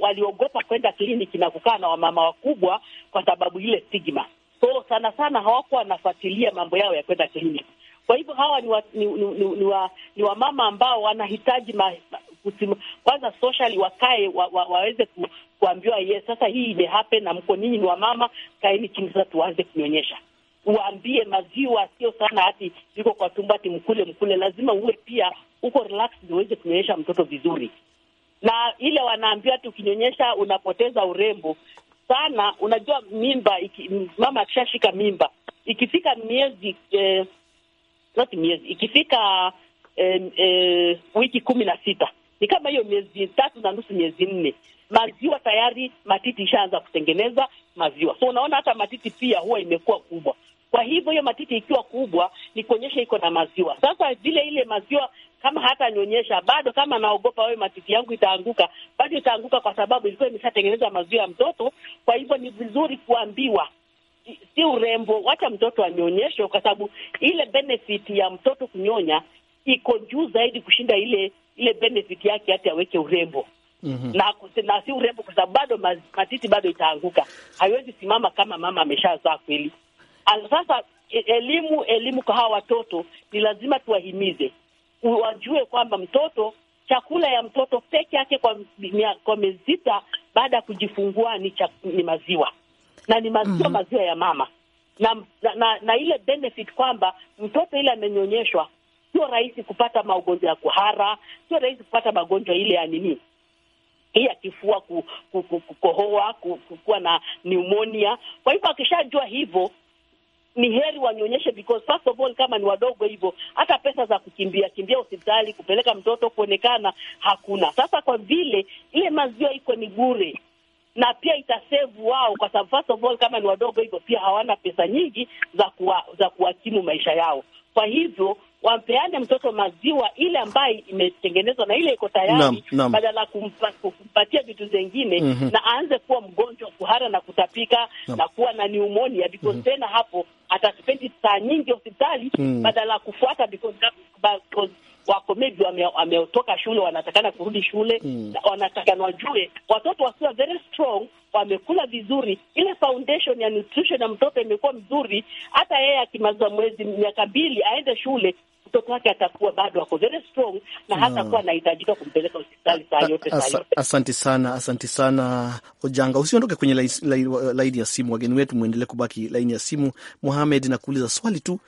waliogopa wali kwenda kliniki na kukaa na wamama wakubwa kwa sababu ile stigma. So sana sana hawakuwa wanafuatilia mambo yao ya kwenda kliniki. Kwa hivyo hawa ni, wa, ni, ni, ni, ni, wa, ni wamama ambao wanahitaji ma, kusimu, kwanza socially wakae wa, wa, waweze ku, kuambiwa yes, sasa hii imehappen na mko ninyi ni wamama, kaeni chini sasa tuanze kunyonyesha. Uambie maziwa sio sana ati iko kwa tumbo ati mkule mkule, lazima uwe pia uko relax uweze kunyonyesha mtoto vizuri na ile wanaambia tu ukinyonyesha unapoteza urembo, sana. Unajua mimba iki, mama akishashika mimba ikifika miezi eh, not miezi ikifika eh, eh, wiki kumi na sita ni kama hiyo miezi tatu na nusu, miezi nne, maziwa tayari, matiti ishaanza kutengeneza maziwa. So unaona hata matiti pia huwa imekuwa kubwa. Kwa hivyo hiyo matiti ikiwa kubwa ni kuonyesha iko na maziwa. Sasa vile ile maziwa kama hata nionyesha bado, kama naogopa wewe, matiti yangu itaanguka, bado itaanguka kwa sababu ilikuwa imeshatengeneza maziwa ya mtoto. Kwa hivyo ni vizuri kuambiwa si urembo, wacha mtoto anionyeshe, kwa sababu ile benefit ya mtoto kunyonya iko juu zaidi kushinda ile ile benefit yake hata aweke urembo. Mm -hmm. Na, na si urembo kwa sababu bado matiti bado itaanguka, haiwezi simama kama mama ameshazaa kweli. Sasa e, elimu elimu kwa hawa watoto ni lazima tuwahimize wajue kwamba mtoto chakula ya mtoto peke yake kwa, kwa miezi sita baada ya kujifungua ni, cha, ni maziwa na ni maziwa mm -hmm. maziwa ya mama na, na, na, na ile benefit kwamba mtoto ile amenyonyeshwa, sio rahisi kupata magonjwa ya kuhara, sio rahisi kupata magonjwa ile ya nini hii ya kifua, kukohoa, ku, ku, ku, kuwa na pneumonia. Kwa hivyo akishajua hivyo ni heri wanyonyeshe, because first of all, kama ni wadogo hivyo, hata pesa za kukimbia kimbia hospitali kupeleka mtoto kuonekana hakuna. Sasa kwa vile ile maziwa iko ni bure na pia itasevu wao, kwa sababu first of all, kama ni wadogo hivyo, pia hawana pesa nyingi za kuwa, za kuhakimu maisha yao. Kwa hivyo wampeane mtoto maziwa ile ambayo imetengenezwa na ile iko tayari, badala ya kumpa, kumpatia vitu zingine mm -hmm. na aanze kuwa mgonjwa kuhara na kutapika nam. na kuwa na pneumonia because mm -hmm. tena hapo ataspendi saa nyingi hospitali mm badala ya kufuata because, wako maybe wametoka shule wanatakana kurudi shule mm. Wanatakana wajue watoto wasiwa very strong, wamekula vizuri, ile foundation ya nutrition ya mtoto imekuwa mzuri. Hata yeye akimaliza mwezi miaka mbili aende shule, mtoto wake atakuwa bado ako very strong na ah. hata kuwa anahitajika kumpeleka hospitali saa yote. saa yote. Asante sana, asante sana Ojanga. Usiondoke kwenye laini ya simu, wageni wetu mwendelee kubaki laini ya simu. Mohamed, nakuuliza swali tu.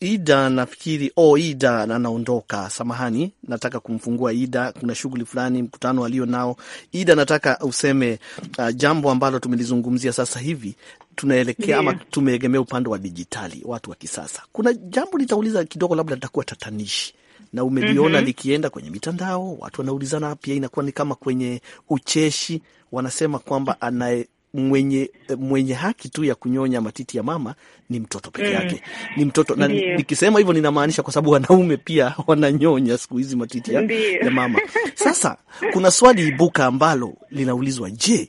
Ida nafikiri o oh, Ida anaondoka. Samahani, nataka kumfungua Ida, kuna shughuli fulani, mkutano alio nao. Ida, nataka useme uh, jambo ambalo tumelizungumzia sasa hivi tunaelekea ama tumeegemea upande wa dijitali, watu wa kisasa. Kuna jambo nitauliza kidogo, labda litakuwa tatanishi na umeliona mm -hmm. likienda kwenye mitandao, watu wanaulizana pia, inakuwa ni kama kwenye ucheshi, wanasema kwamba anaye mwenye mwenye haki tu ya kunyonya matiti ya mama ni mtoto peke mm. yake. Mm. Ni mtoto na Ndiyo. Nikisema hivyo ninamaanisha kwa sababu wanaume pia wananyonya siku hizi matiti ya, ya mama. Sasa kuna swali ibuka ambalo linaulizwa, je,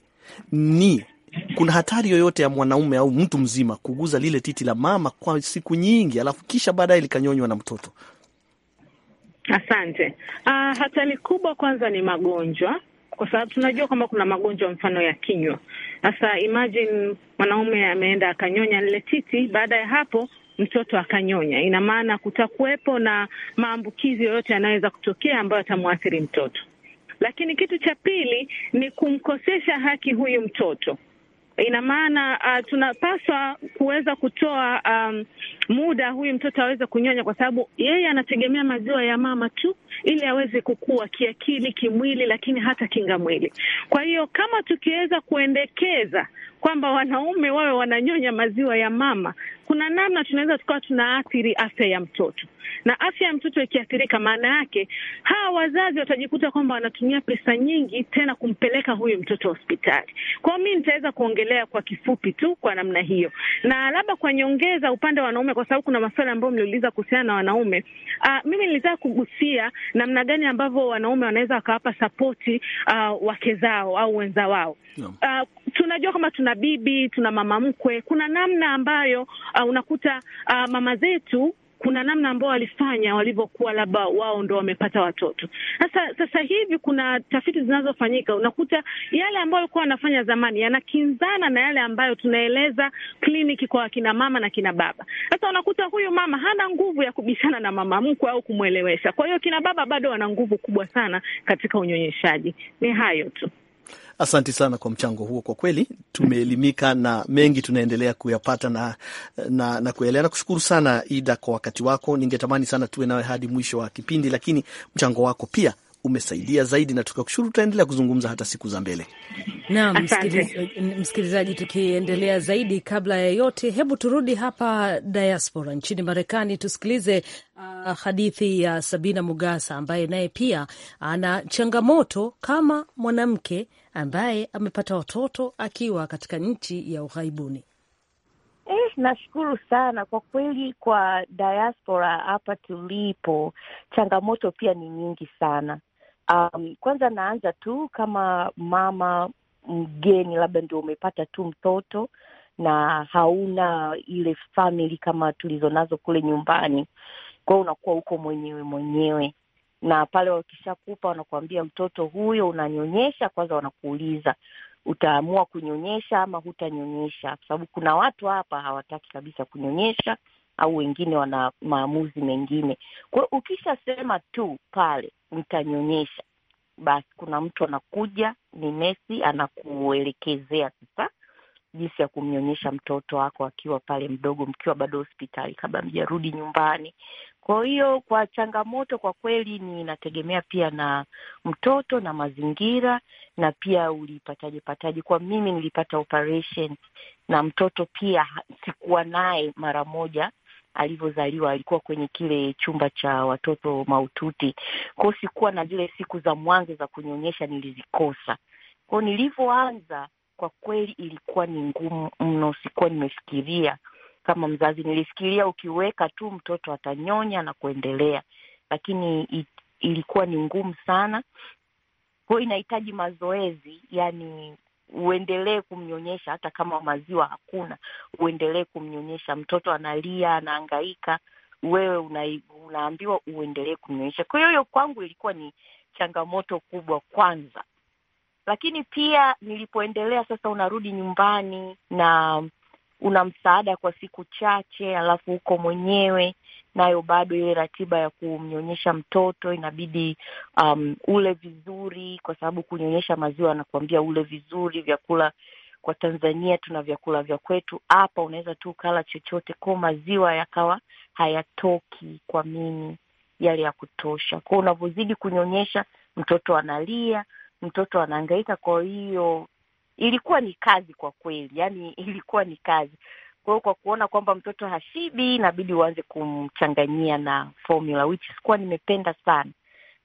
ni kuna hatari yoyote ya mwanaume au mtu mzima kuguza lile titi la mama kwa siku nyingi, alafu kisha baadaye likanyonywa na mtoto? Asante. Uh, hatari kubwa kwanza ni magonjwa, kwa sababu tunajua kwamba kuna magonjwa mfano ya kinywa. Sasa imagine mwanaume ameenda akanyonya lile titi, baada ya hapo mtoto akanyonya, ina maana kutakuwepo na maambukizi yoyote yanayoweza kutokea ambayo atamwathiri mtoto. Lakini kitu cha pili ni kumkosesha haki huyu mtoto Ina maana uh, tunapaswa kuweza kutoa um, muda huyu mtoto aweze kunyonya, kwa sababu yeye anategemea maziwa ya mama tu ili aweze kukua kiakili, kimwili, lakini hata kinga mwili. Kwa hiyo kama tukiweza kuendekeza kwamba wanaume wawe wananyonya maziwa ya mama, kuna namna tunaweza tukawa tunaathiri afya ya mtoto, na afya ya mtoto ikiathirika, maana yake hawa wazazi watajikuta kwamba wanatumia pesa nyingi tena kumpeleka huyu mtoto hospitali. kwao mi nitaweza kuongelea kwa kifupi tu kwa namna hiyo, na labda kwa nyongeza upande wa wanaume, kwa sababu kuna maswali ambayo mliuliza kuhusiana na wanaume. Aa, ah, mimi nilitaka kugusia namna gani ambavyo wanaume wanaweza wakawapa sapoti uh, wake zao au wenza wao no. uh, tunajua kama tuna bibi, tuna mama mkwe. Kuna namna ambayo uh, unakuta uh, mama zetu kuna namna ambao walifanya walivyokuwa labda wao ndo wamepata watoto. Sasa sasa hivi kuna tafiti zinazofanyika, unakuta yale ambayo walikuwa wanafanya zamani yanakinzana na yale ambayo tunaeleza kliniki kwa kina mama na kina baba. Sasa unakuta huyu mama hana nguvu ya kubishana na mama mkwe au kumwelewesha, kwa hiyo kina baba bado wana nguvu kubwa sana katika unyonyeshaji. Ni hayo tu asanti sana kwa mchango huo, kwa kweli tumeelimika na mengi tunaendelea kuyapata na, na, na kueleana. Kushukuru sana Ida kwa wakati wako, ningetamani sana tuwe nawe hadi mwisho wa kipindi, lakini mchango wako pia umesaidia zaidi, na tukakushukuru. Tutaendelea kuzungumza hata siku za mbele. Naam, msikilizaji, tukiendelea zaidi, kabla ya yote, hebu turudi hapa diaspora nchini Marekani, tusikilize uh, hadithi ya Sabina Mugasa ambaye naye pia ana changamoto kama mwanamke ambaye amepata watoto akiwa katika nchi ya ughaibuni. Eh, nashukuru sana kwa kweli. Kwa diaspora hapa tulipo, changamoto pia ni nyingi sana. Um, kwanza naanza tu kama mama mgeni, labda ndio umepata tu mtoto na hauna ile famili kama tulizonazo kule nyumbani, kwao unakuwa huko mwenyewe mwenyewe, na pale wakishakupa wanakuambia mtoto huyo unanyonyesha, kwanza wanakuuliza utaamua kunyonyesha ama hutanyonyesha, kwa sababu kuna watu hapa hawataki kabisa kunyonyesha au wengine wana maamuzi mengine. Kwa hiyo ukishasema tu pale ntanyonyesha basi kuna mtu anakuja, ni nesi, anakuelekezea sasa jinsi ya kumnyonyesha mtoto wako akiwa pale mdogo, mkiwa bado hospitali, kabla mjarudi nyumbani. Kwa hiyo kwa changamoto, kwa kweli ni inategemea pia na mtoto na mazingira, na pia ulipataje pataje. Kwa mimi nilipata operation na mtoto pia sikuwa naye mara moja alivyozaliwa alikuwa kwenye kile chumba cha watoto maututi kwao, sikuwa na zile siku za mwanzo za kunyonyesha, nilizikosa. kwao. nilivyoanza, kwa kweli ilikuwa ni ngumu mno, sikuwa nimefikiria kama mzazi. Nilifikiria ukiweka tu mtoto atanyonya na kuendelea, lakini ilikuwa ni ngumu sana. kwao, inahitaji mazoezi, yani uendelee kumnyonyesha, hata kama maziwa hakuna, uendelee kumnyonyesha. Mtoto analia, anaangaika wewe una, unaambiwa uendelee kumnyonyesha. Kwa hiyo hiyo kwangu ilikuwa ni changamoto kubwa kwanza, lakini pia nilipoendelea sasa, unarudi nyumbani na una msaada kwa siku chache, alafu uko mwenyewe nayo bado ile ratiba ya kumnyonyesha mtoto inabidi um, ule vizuri, kwa sababu kunyonyesha maziwa anakuambia ule vizuri. Vyakula kwa Tanzania tuna vyakula vya kwetu hapa, unaweza tu ukala chochote ko maziwa yakawa hayatoki kwa mini yale ya kutosha. Kwao unavyozidi kunyonyesha, mtoto analia, mtoto anaangaika Kwa hiyo ilikuwa ni kazi kwa kweli, yani ilikuwa ni kazi. Kwa hiyo kwa kuona kwamba mtoto hashibi, inabidi uanze kumchanganyia na formula, which sikuwa nimependa sana,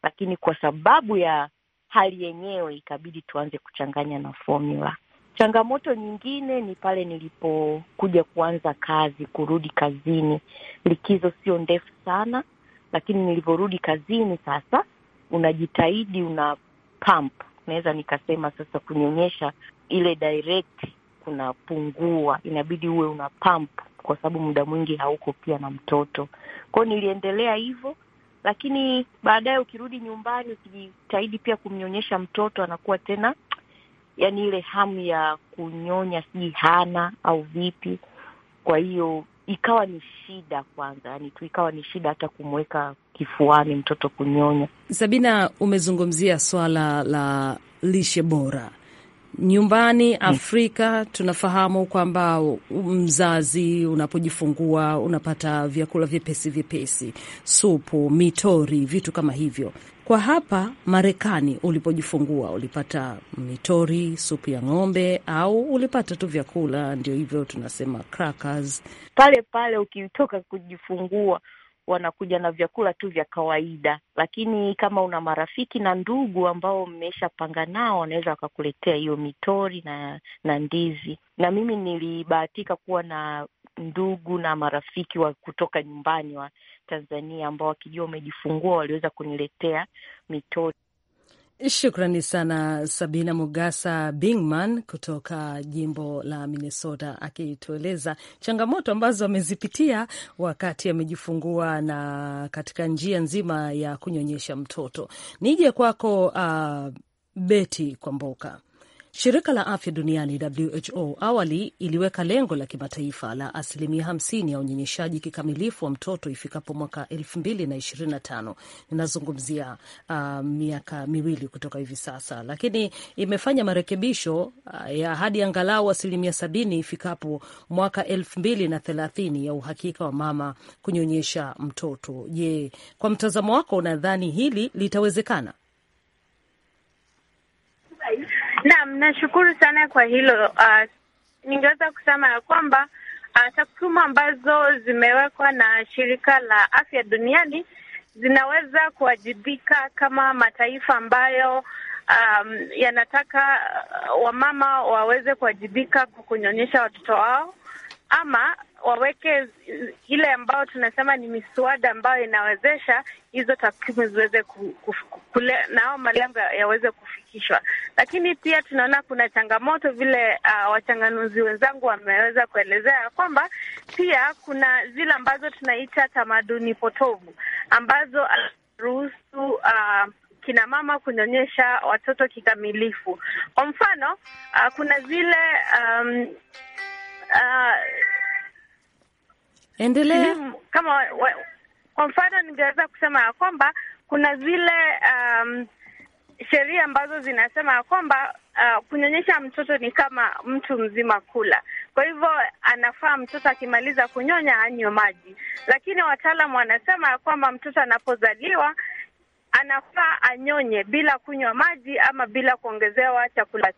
lakini kwa sababu ya hali yenyewe ikabidi tuanze kuchanganya na formula. Changamoto nyingine ni pale nilipokuja kuanza kazi, kurudi kazini. Likizo sio ndefu sana, lakini nilivyorudi kazini sasa, unajitahidi una pump, naweza nikasema sasa, kunyonyesha ile direct kunapungua, inabidi uwe una pump kwa sababu muda mwingi hauko pia na mtoto. Kwao niliendelea hivyo, lakini baadaye ukirudi nyumbani ukijitahidi pia kumnyonyesha mtoto, anakuwa tena yani ile hamu ya kunyonya sijui hana au vipi. Kwa hiyo ikawa ni shida kwanza, yani tu ikawa ni shida hata kumweka kifuani mtoto kunyonya. Sabina, umezungumzia swala la lishe bora nyumbani mm. Afrika tunafahamu kwamba mzazi unapojifungua unapata vyakula vyepesi vyepesi, supu, mitori, vitu kama hivyo. Kwa hapa Marekani ulipojifungua ulipata mitori, supu ya ng'ombe, au ulipata tu vyakula? Ndio hivyo tunasema crackers. Pale pale ukitoka kujifungua wanakuja na vyakula tu vya kawaida, lakini kama una marafiki na ndugu ambao mmeshapanga nao, wanaweza wakakuletea hiyo mitori na na ndizi. Na mimi nilibahatika kuwa na ndugu na marafiki wa kutoka nyumbani wa Tanzania ambao wakijua umejifungua waliweza kuniletea mitori. Shukrani sana Sabina Mugasa Bingman kutoka jimbo la Minnesota, akitueleza changamoto ambazo amezipitia wakati amejifungua na katika njia nzima ya kunyonyesha mtoto. Nije kwako, uh, Beti Kwamboka. Shirika la afya duniani WHO awali iliweka lengo la kimataifa la asilimia 50 ya unyonyeshaji kikamilifu wa mtoto ifikapo mwaka 2025. Ninazungumzia uh, miaka miwili kutoka hivi sasa, lakini imefanya marekebisho uh, ya hadi angalau asilimia 70 ifikapo mwaka 2030 ya uhakika wa mama kunyonyesha mtoto. Je, kwa mtazamo wako unadhani hili litawezekana? Naam, nashukuru sana kwa hilo. Uh, ningeweza kusema ya kwamba uh, takwimu ambazo zimewekwa na shirika la afya duniani zinaweza kuwajibika kama mataifa ambayo um, yanataka ah, wamama waweze kuwajibika kwa kunyonyesha watoto wao ama waweke ile ambayo tunasema ni miswada ambayo inawezesha hizo takwimu ziweze na malengo yaweze kufikishwa. Lakini pia tunaona kuna changamoto vile, uh, wachanganuzi wenzangu wameweza kuelezea kwamba pia kuna zile ambazo tunaita tamaduni potovu ambazo ruhusu uh, kina mama kunyonyesha watoto kikamilifu. Kwa mfano, uh, kuna zile um, uh, endelea. Kama wa, kwa mfano ningeweza kusema ya kwamba kuna zile um, sheria ambazo zinasema ya kwamba uh, kunyonyesha mtoto ni kama mtu mzima kula. Kwa hivyo anafaa mtoto akimaliza kunyonya anywe maji, lakini wataalamu wanasema ya kwamba mtoto anapozaliwa anafaa anyonye bila kunywa maji ama bila kuongezewa chakula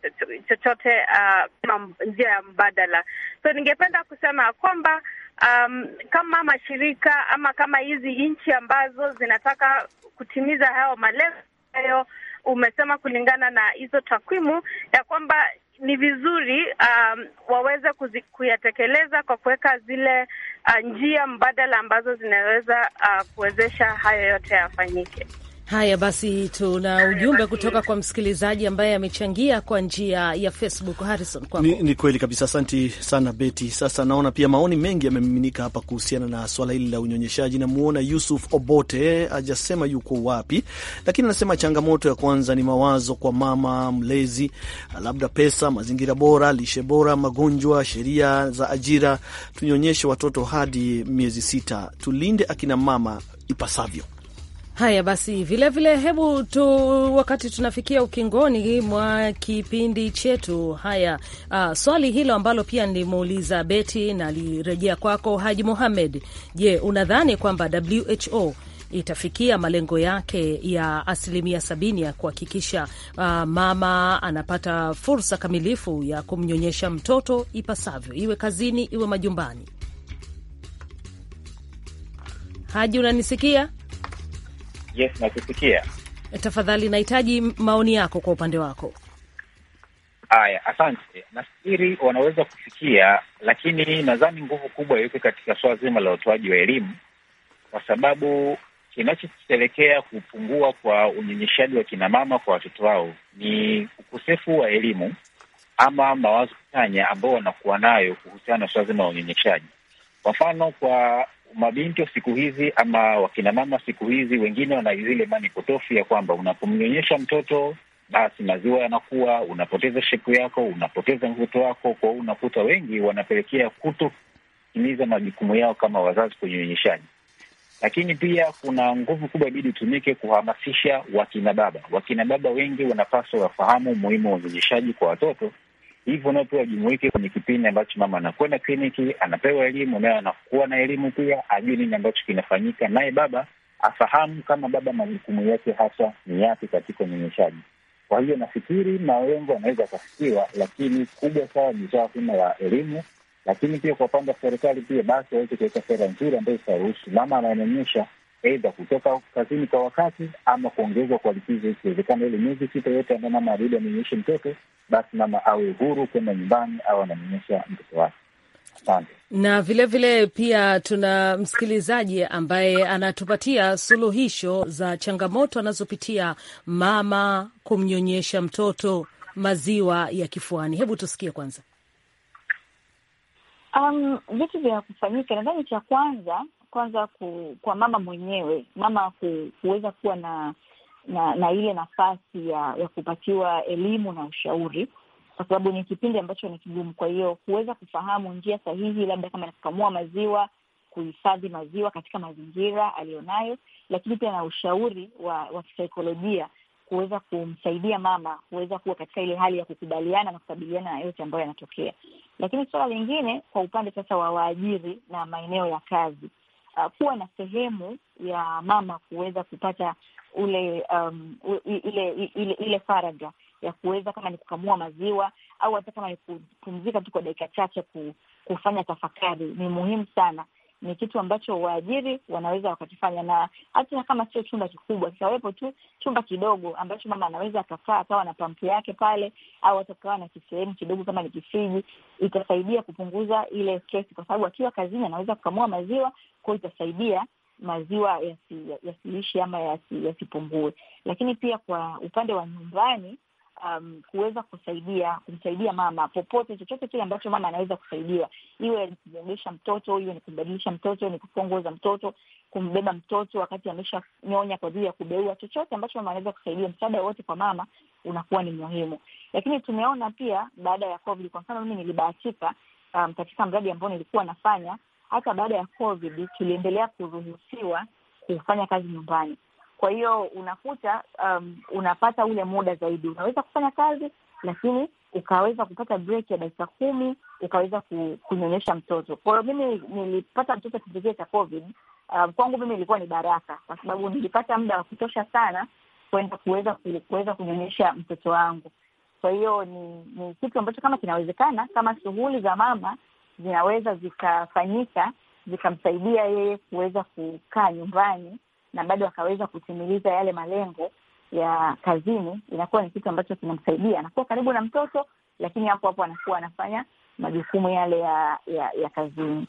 chochote uh, kama uh, njia ya mbadala. So ningependa kusema ya kwamba um, kama mashirika ama kama hizi nchi ambazo zinataka kutimiza hayo malengo ambayo umesema kulingana na hizo takwimu ya kwamba ni vizuri um, waweze kuzi, kuyatekeleza kwa kuweka zile uh, njia mbadala ambazo zinaweza uh, kuwezesha hayo yote yafanyike. Haya basi, tuna ujumbe kutoka kwa msikilizaji ambaye amechangia kwa njia ya Facebook. Harrison, kwa Ni, ni kweli kabisa, asanti sana Beti. Sasa naona pia maoni mengi yamemiminika hapa kuhusiana na swala hili la unyonyeshaji. namuona Yusuf Obote, ajasema yuko wapi, lakini anasema changamoto ya kwanza ni mawazo kwa mama mlezi, labda pesa, mazingira bora, lishe bora, magonjwa, sheria za ajira. Tunyonyeshe watoto hadi miezi sita, tulinde akina mama ipasavyo. Haya basi, vilevile vile, hebu tu, wakati tunafikia ukingoni mwa kipindi chetu, haya uh, swali hilo ambalo pia nilimuuliza Beti na lirejea kwako Haji Muhamed. Je, unadhani kwamba WHO itafikia malengo yake ya asilimia sabini ya kuhakikisha uh, mama anapata fursa kamilifu ya kumnyonyesha mtoto ipasavyo, iwe kazini, iwe majumbani? Haji, unanisikia? Yes, nakusikia. Eh, tafadhali nahitaji maoni yako kwa upande wako. Haya, asante. Nafikiri wanaweza kufikia, lakini nadhani nguvu kubwa iweke katika swala zima la utoaji wa elimu, kwa sababu kinachopelekea kupungua kwa unyonyeshaji wa kinamama kwa watoto wao ni ukosefu wa elimu ama mawazo chanya ambao wanakuwa nayo kuhusiana na swala zima la unyonyeshaji. Kwa mfano, kwa mabinti wa siku hizi ama wakinamama siku hizi, wengine wana zile imani potofu ya kwamba unapomnyonyesha mtoto basi maziwa yanakuwa, unapoteza shepu yako, unapoteza mvuto wako. Kwa hiyo unakuta wengi wanapelekea kutotimiza majukumu yao kama wazazi kwenye unyonyeshaji. Lakini pia kuna nguvu kubwa ibidi itumike kuhamasisha wakina baba. Wakina baba wengi wanapaswa wafahamu umuhimu wa unyonyeshaji kwa watoto hivyo nao pia wajumuike kwenye kipindi ambacho mama anakwenda kliniki, anapewa elimu, naye anakuwa na elimu pia, ajue nini ambacho kinafanyika, naye baba afahamu kama baba majukumu yake hasa ni yapi katika unyonyeshaji. Kwa hiyo nafikiri malengo anaweza akafikiwa, lakini kubwa sana ni swala zima la elimu, lakini pia kwa upande wa serikali pia basi waweze kuweka sera nzuri ambayo itaruhusu mama ananyonyesha aidha kutoka kazini kwa wakati ama kuongezwa kwa likizo, ikiwezekana ile miezi sita yote ambayo mama abidi amenyonyeshe mtoto, basi mama awe uhuru kwenda nyumbani au ananyonyesha mtoto wake. Asante. Na vilevile vile pia tuna msikilizaji ambaye anatupatia suluhisho za changamoto anazopitia mama kumnyonyesha mtoto maziwa ya kifuani. Hebu tusikie kwanza. Um, vitu vya kufanyika, nadhani cha kwanza kwanza ku, kwa mama mwenyewe mama ku, kuweza kuwa na na, na ile nafasi ya, ya kupatiwa elimu na ushauri, kwa sababu ni kipindi ambacho ni kigumu. Kwa hiyo kuweza kufahamu njia sahihi, labda kama ni maziwa, kuhifadhi maziwa katika mazingira aliyonayo, lakini pia na ushauri wa, wa kisaikolojia kuweza kumsaidia mama kuweza kuwa katika ile hali ya kukubaliana na kukabiliana na yote ambayo yanatokea. Lakini suala lingine kwa upande sasa wa waajiri na maeneo ya kazi, uh, kuwa na sehemu ya mama kuweza kupata ule um, ile ile ile faraga ya kuweza kama ni kukamua maziwa au hata kama ni kupumzika tu kwa dakika chache, kufanya tafakari ni muhimu sana ni kitu ambacho waajiri wanaweza wakakifanya, na hata kama sio chumba kikubwa, kikawepo tu chumba kidogo ambacho mama anaweza akakaa akawa na pampu yake pale, au hata na kisehemu kidogo kama ni kisiji, itasaidia kupunguza ile kesi kwa sababu akiwa kazini anaweza kukamua maziwa, kwao itasaidia maziwa yasiishi yasi ama yasipungue yasi. Lakini pia kwa upande wa nyumbani um, kuweza kusaidia kumsaidia mama popote, chochote kile ambacho mama anaweza kusaidiwa, iwe ni kumwogesha mtoto, iwe ni kumbadilisha mtoto, ni kufua nguo za mtoto, kumbeba mtoto wakati nyonya kwa ajili ya kubeua, chochote ambacho mama anaweza kusaidia, msaada wote kwa mama unakuwa ni muhimu. Lakini tumeona pia baada ya COVID, kwa mfano mimi nilibahatika um, katika mradi ambao nilikuwa nafanya, hata baada ya COVID tuliendelea kuruhusiwa kufanya kazi nyumbani kwa hiyo unakuta um, unapata ule muda zaidi, unaweza kufanya kazi lakini ukaweza kupata break ya dakika kumi ukaweza kunyonyesha mtoto. Kwa hiyo mimi nilipata mtoto kipekee cha Covid. Um, kwangu mimi ilikuwa ni baraka, kwa sababu nilipata muda wa kutosha sana kwenda kuweza kuweza kunyonyesha mtoto wangu. Kwa hiyo ni, ni kitu ambacho kama kinawezekana, kama shughuli za mama zinaweza zikafanyika zikamsaidia yeye kuweza kukaa nyumbani na bado akaweza kutimiliza yale malengo ya kazini, inakuwa ni kitu ambacho kinamsaidia, anakuwa karibu na mtoto, lakini hapo hapo anakuwa anafanya majukumu yale ya, ya, ya kazini.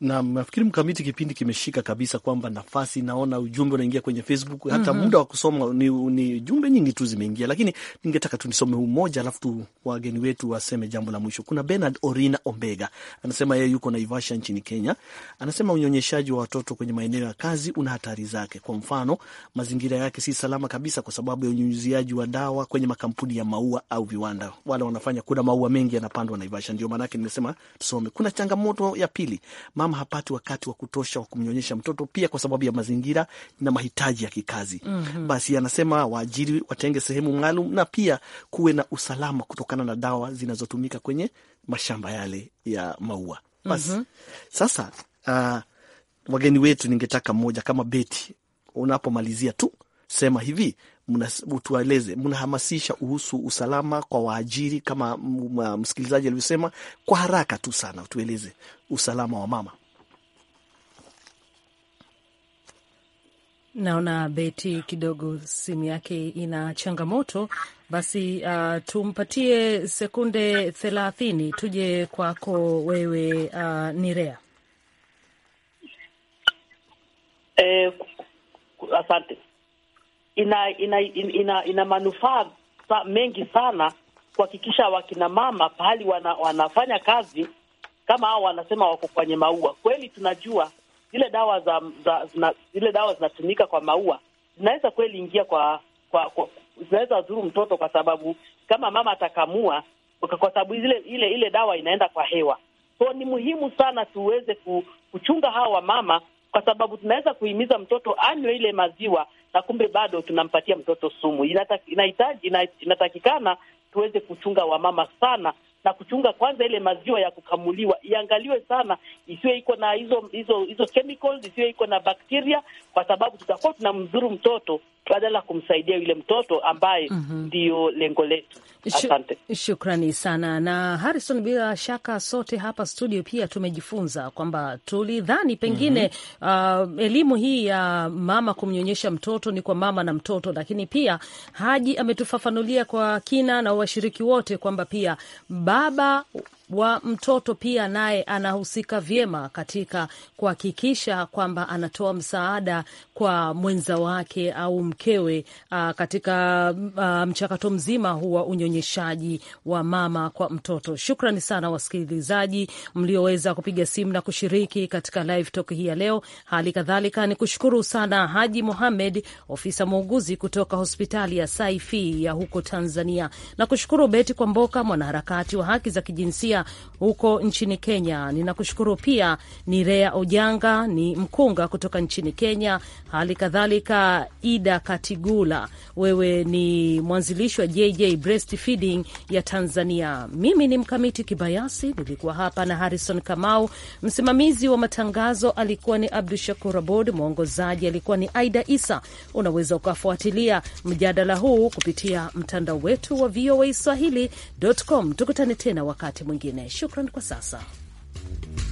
Naam, nafikiri mkamiti kipindi kimeshika kabisa, kwamba nafasi, naona ujumbe unaingia kwenye Facebook hata mm -hmm. muda wa kusoma ni, ni jumbe nyingi tu zimeingia, lakini ningetaka tunisome huu mmoja, alafu tu wageni wetu waseme jambo la mwisho. Kuna Bernard Orina Ombega anasema yeye yuko Naivasha nchini Kenya. Anasema unyonyeshaji wa watoto kwenye maeneo ya kazi una hatari zake. Kwa mfano, mazingira yake si salama kabisa kwa sababu ya unyunyiziaji wa dawa kwenye makampuni ya maua au viwanda. Wale wanafanya kuna maua mengi yanapandwa Naivasha, ndio maana yake nimesema tusome. Kuna changamoto ya pili, mama hapati wakati wa kutosha wa kumnyonyesha mtoto, pia kwa sababu ya mazingira na mahitaji ya kikazi. mm -hmm. Basi anasema waajiri watenge sehemu maalum na pia kuwe na usalama kutokana na dawa zinazotumika kwenye mashamba yale ya maua. Basi mm -hmm. Sasa uh, wageni wetu, ningetaka mmoja kama Beti, unapomalizia tu sema hivi mtueleze, mnahamasisha kuhusu usalama kwa waajiri kama msikilizaji alivyosema? Kwa haraka tu sana tueleze usalama wa mama. Naona Beti kidogo simu yake ina changamoto, basi uh, tumpatie sekunde thelathini. Tuje kwako wewe uh, Nirea. Eh, asante ina ina ina, ina, ina manufaa mengi sana kuhakikisha wakina mama pahali wana, wanafanya kazi kama hao wanasema wako kwenye maua. Kweli tunajua zile dawa za, za zina, zile dawa zinatumika kwa maua zinaweza kweli ingia kwa, kwa, kwa zinaweza dhuru mtoto, kwa sababu kama mama atakamua, kwa sababu ile ile ile dawa inaenda kwa hewa. So ni muhimu sana tuweze kuchunga hawa wamama kwa sababu tunaweza kuhimiza mtoto anywe ile maziwa na kumbe bado tunampatia mtoto sumu. inahitaji, inatakikana tuweze kuchunga wamama sana na kuchunga kwanza ile maziwa ya kukamuliwa iangaliwe sana, isiwe iko na hizo hizo hizo chemicals, isiwe iko na bakteria, kwa sababu tutakuwa tunamdhuru mtoto badala ya kumsaidia yule mtoto ambaye mm -hmm. ndiyo lengo letu. Asante, shukrani sana. Na Harrison, bila shaka sote hapa studio pia tumejifunza kwamba tulidhani pengine mm -hmm. uh, elimu hii ya mama kumnyonyesha mtoto ni kwa mama na mtoto, lakini pia Haji ametufafanulia kwa kina na washiriki wote kwamba pia Baba wa mtoto pia naye anahusika vyema katika kuhakikisha kwamba anatoa msaada kwa mwenza wake au mkewe a, uh, katika a, uh, mchakato mzima huwa unyonyeshaji wa mama kwa mtoto. Shukrani sana wasikilizaji mlioweza kupiga simu na kushiriki katika live talk hii ya leo. Hali kadhalika ni kushukuru sana Haji Muhamed, ofisa muuguzi kutoka hospitali ya Saifi ya huko Tanzania, na kushukuru Beti Kwamboka, mwanaharakati wa haki za kijinsia huko nchini Kenya. Ninakushukuru pia ni Rea Ojanga, ni mkunga kutoka nchini Kenya, hali kadhalika Ida Katigula, wewe ni mwanzilishi wa JJ Breastfeeding ya Tanzania. Mimi ni Mkamiti Kibayasi, nilikuwa hapa na Harrison Kamau. Msimamizi wa matangazo alikuwa ni Abdu Shakur Abod, mwongozaji alikuwa ni Aida Isa. Unaweza ukafuatilia mjadala huu kupitia mtandao wetu wa VOA Swahili.com. Tukutane tena wakati mwingine mengine. Shukran kwa sasa.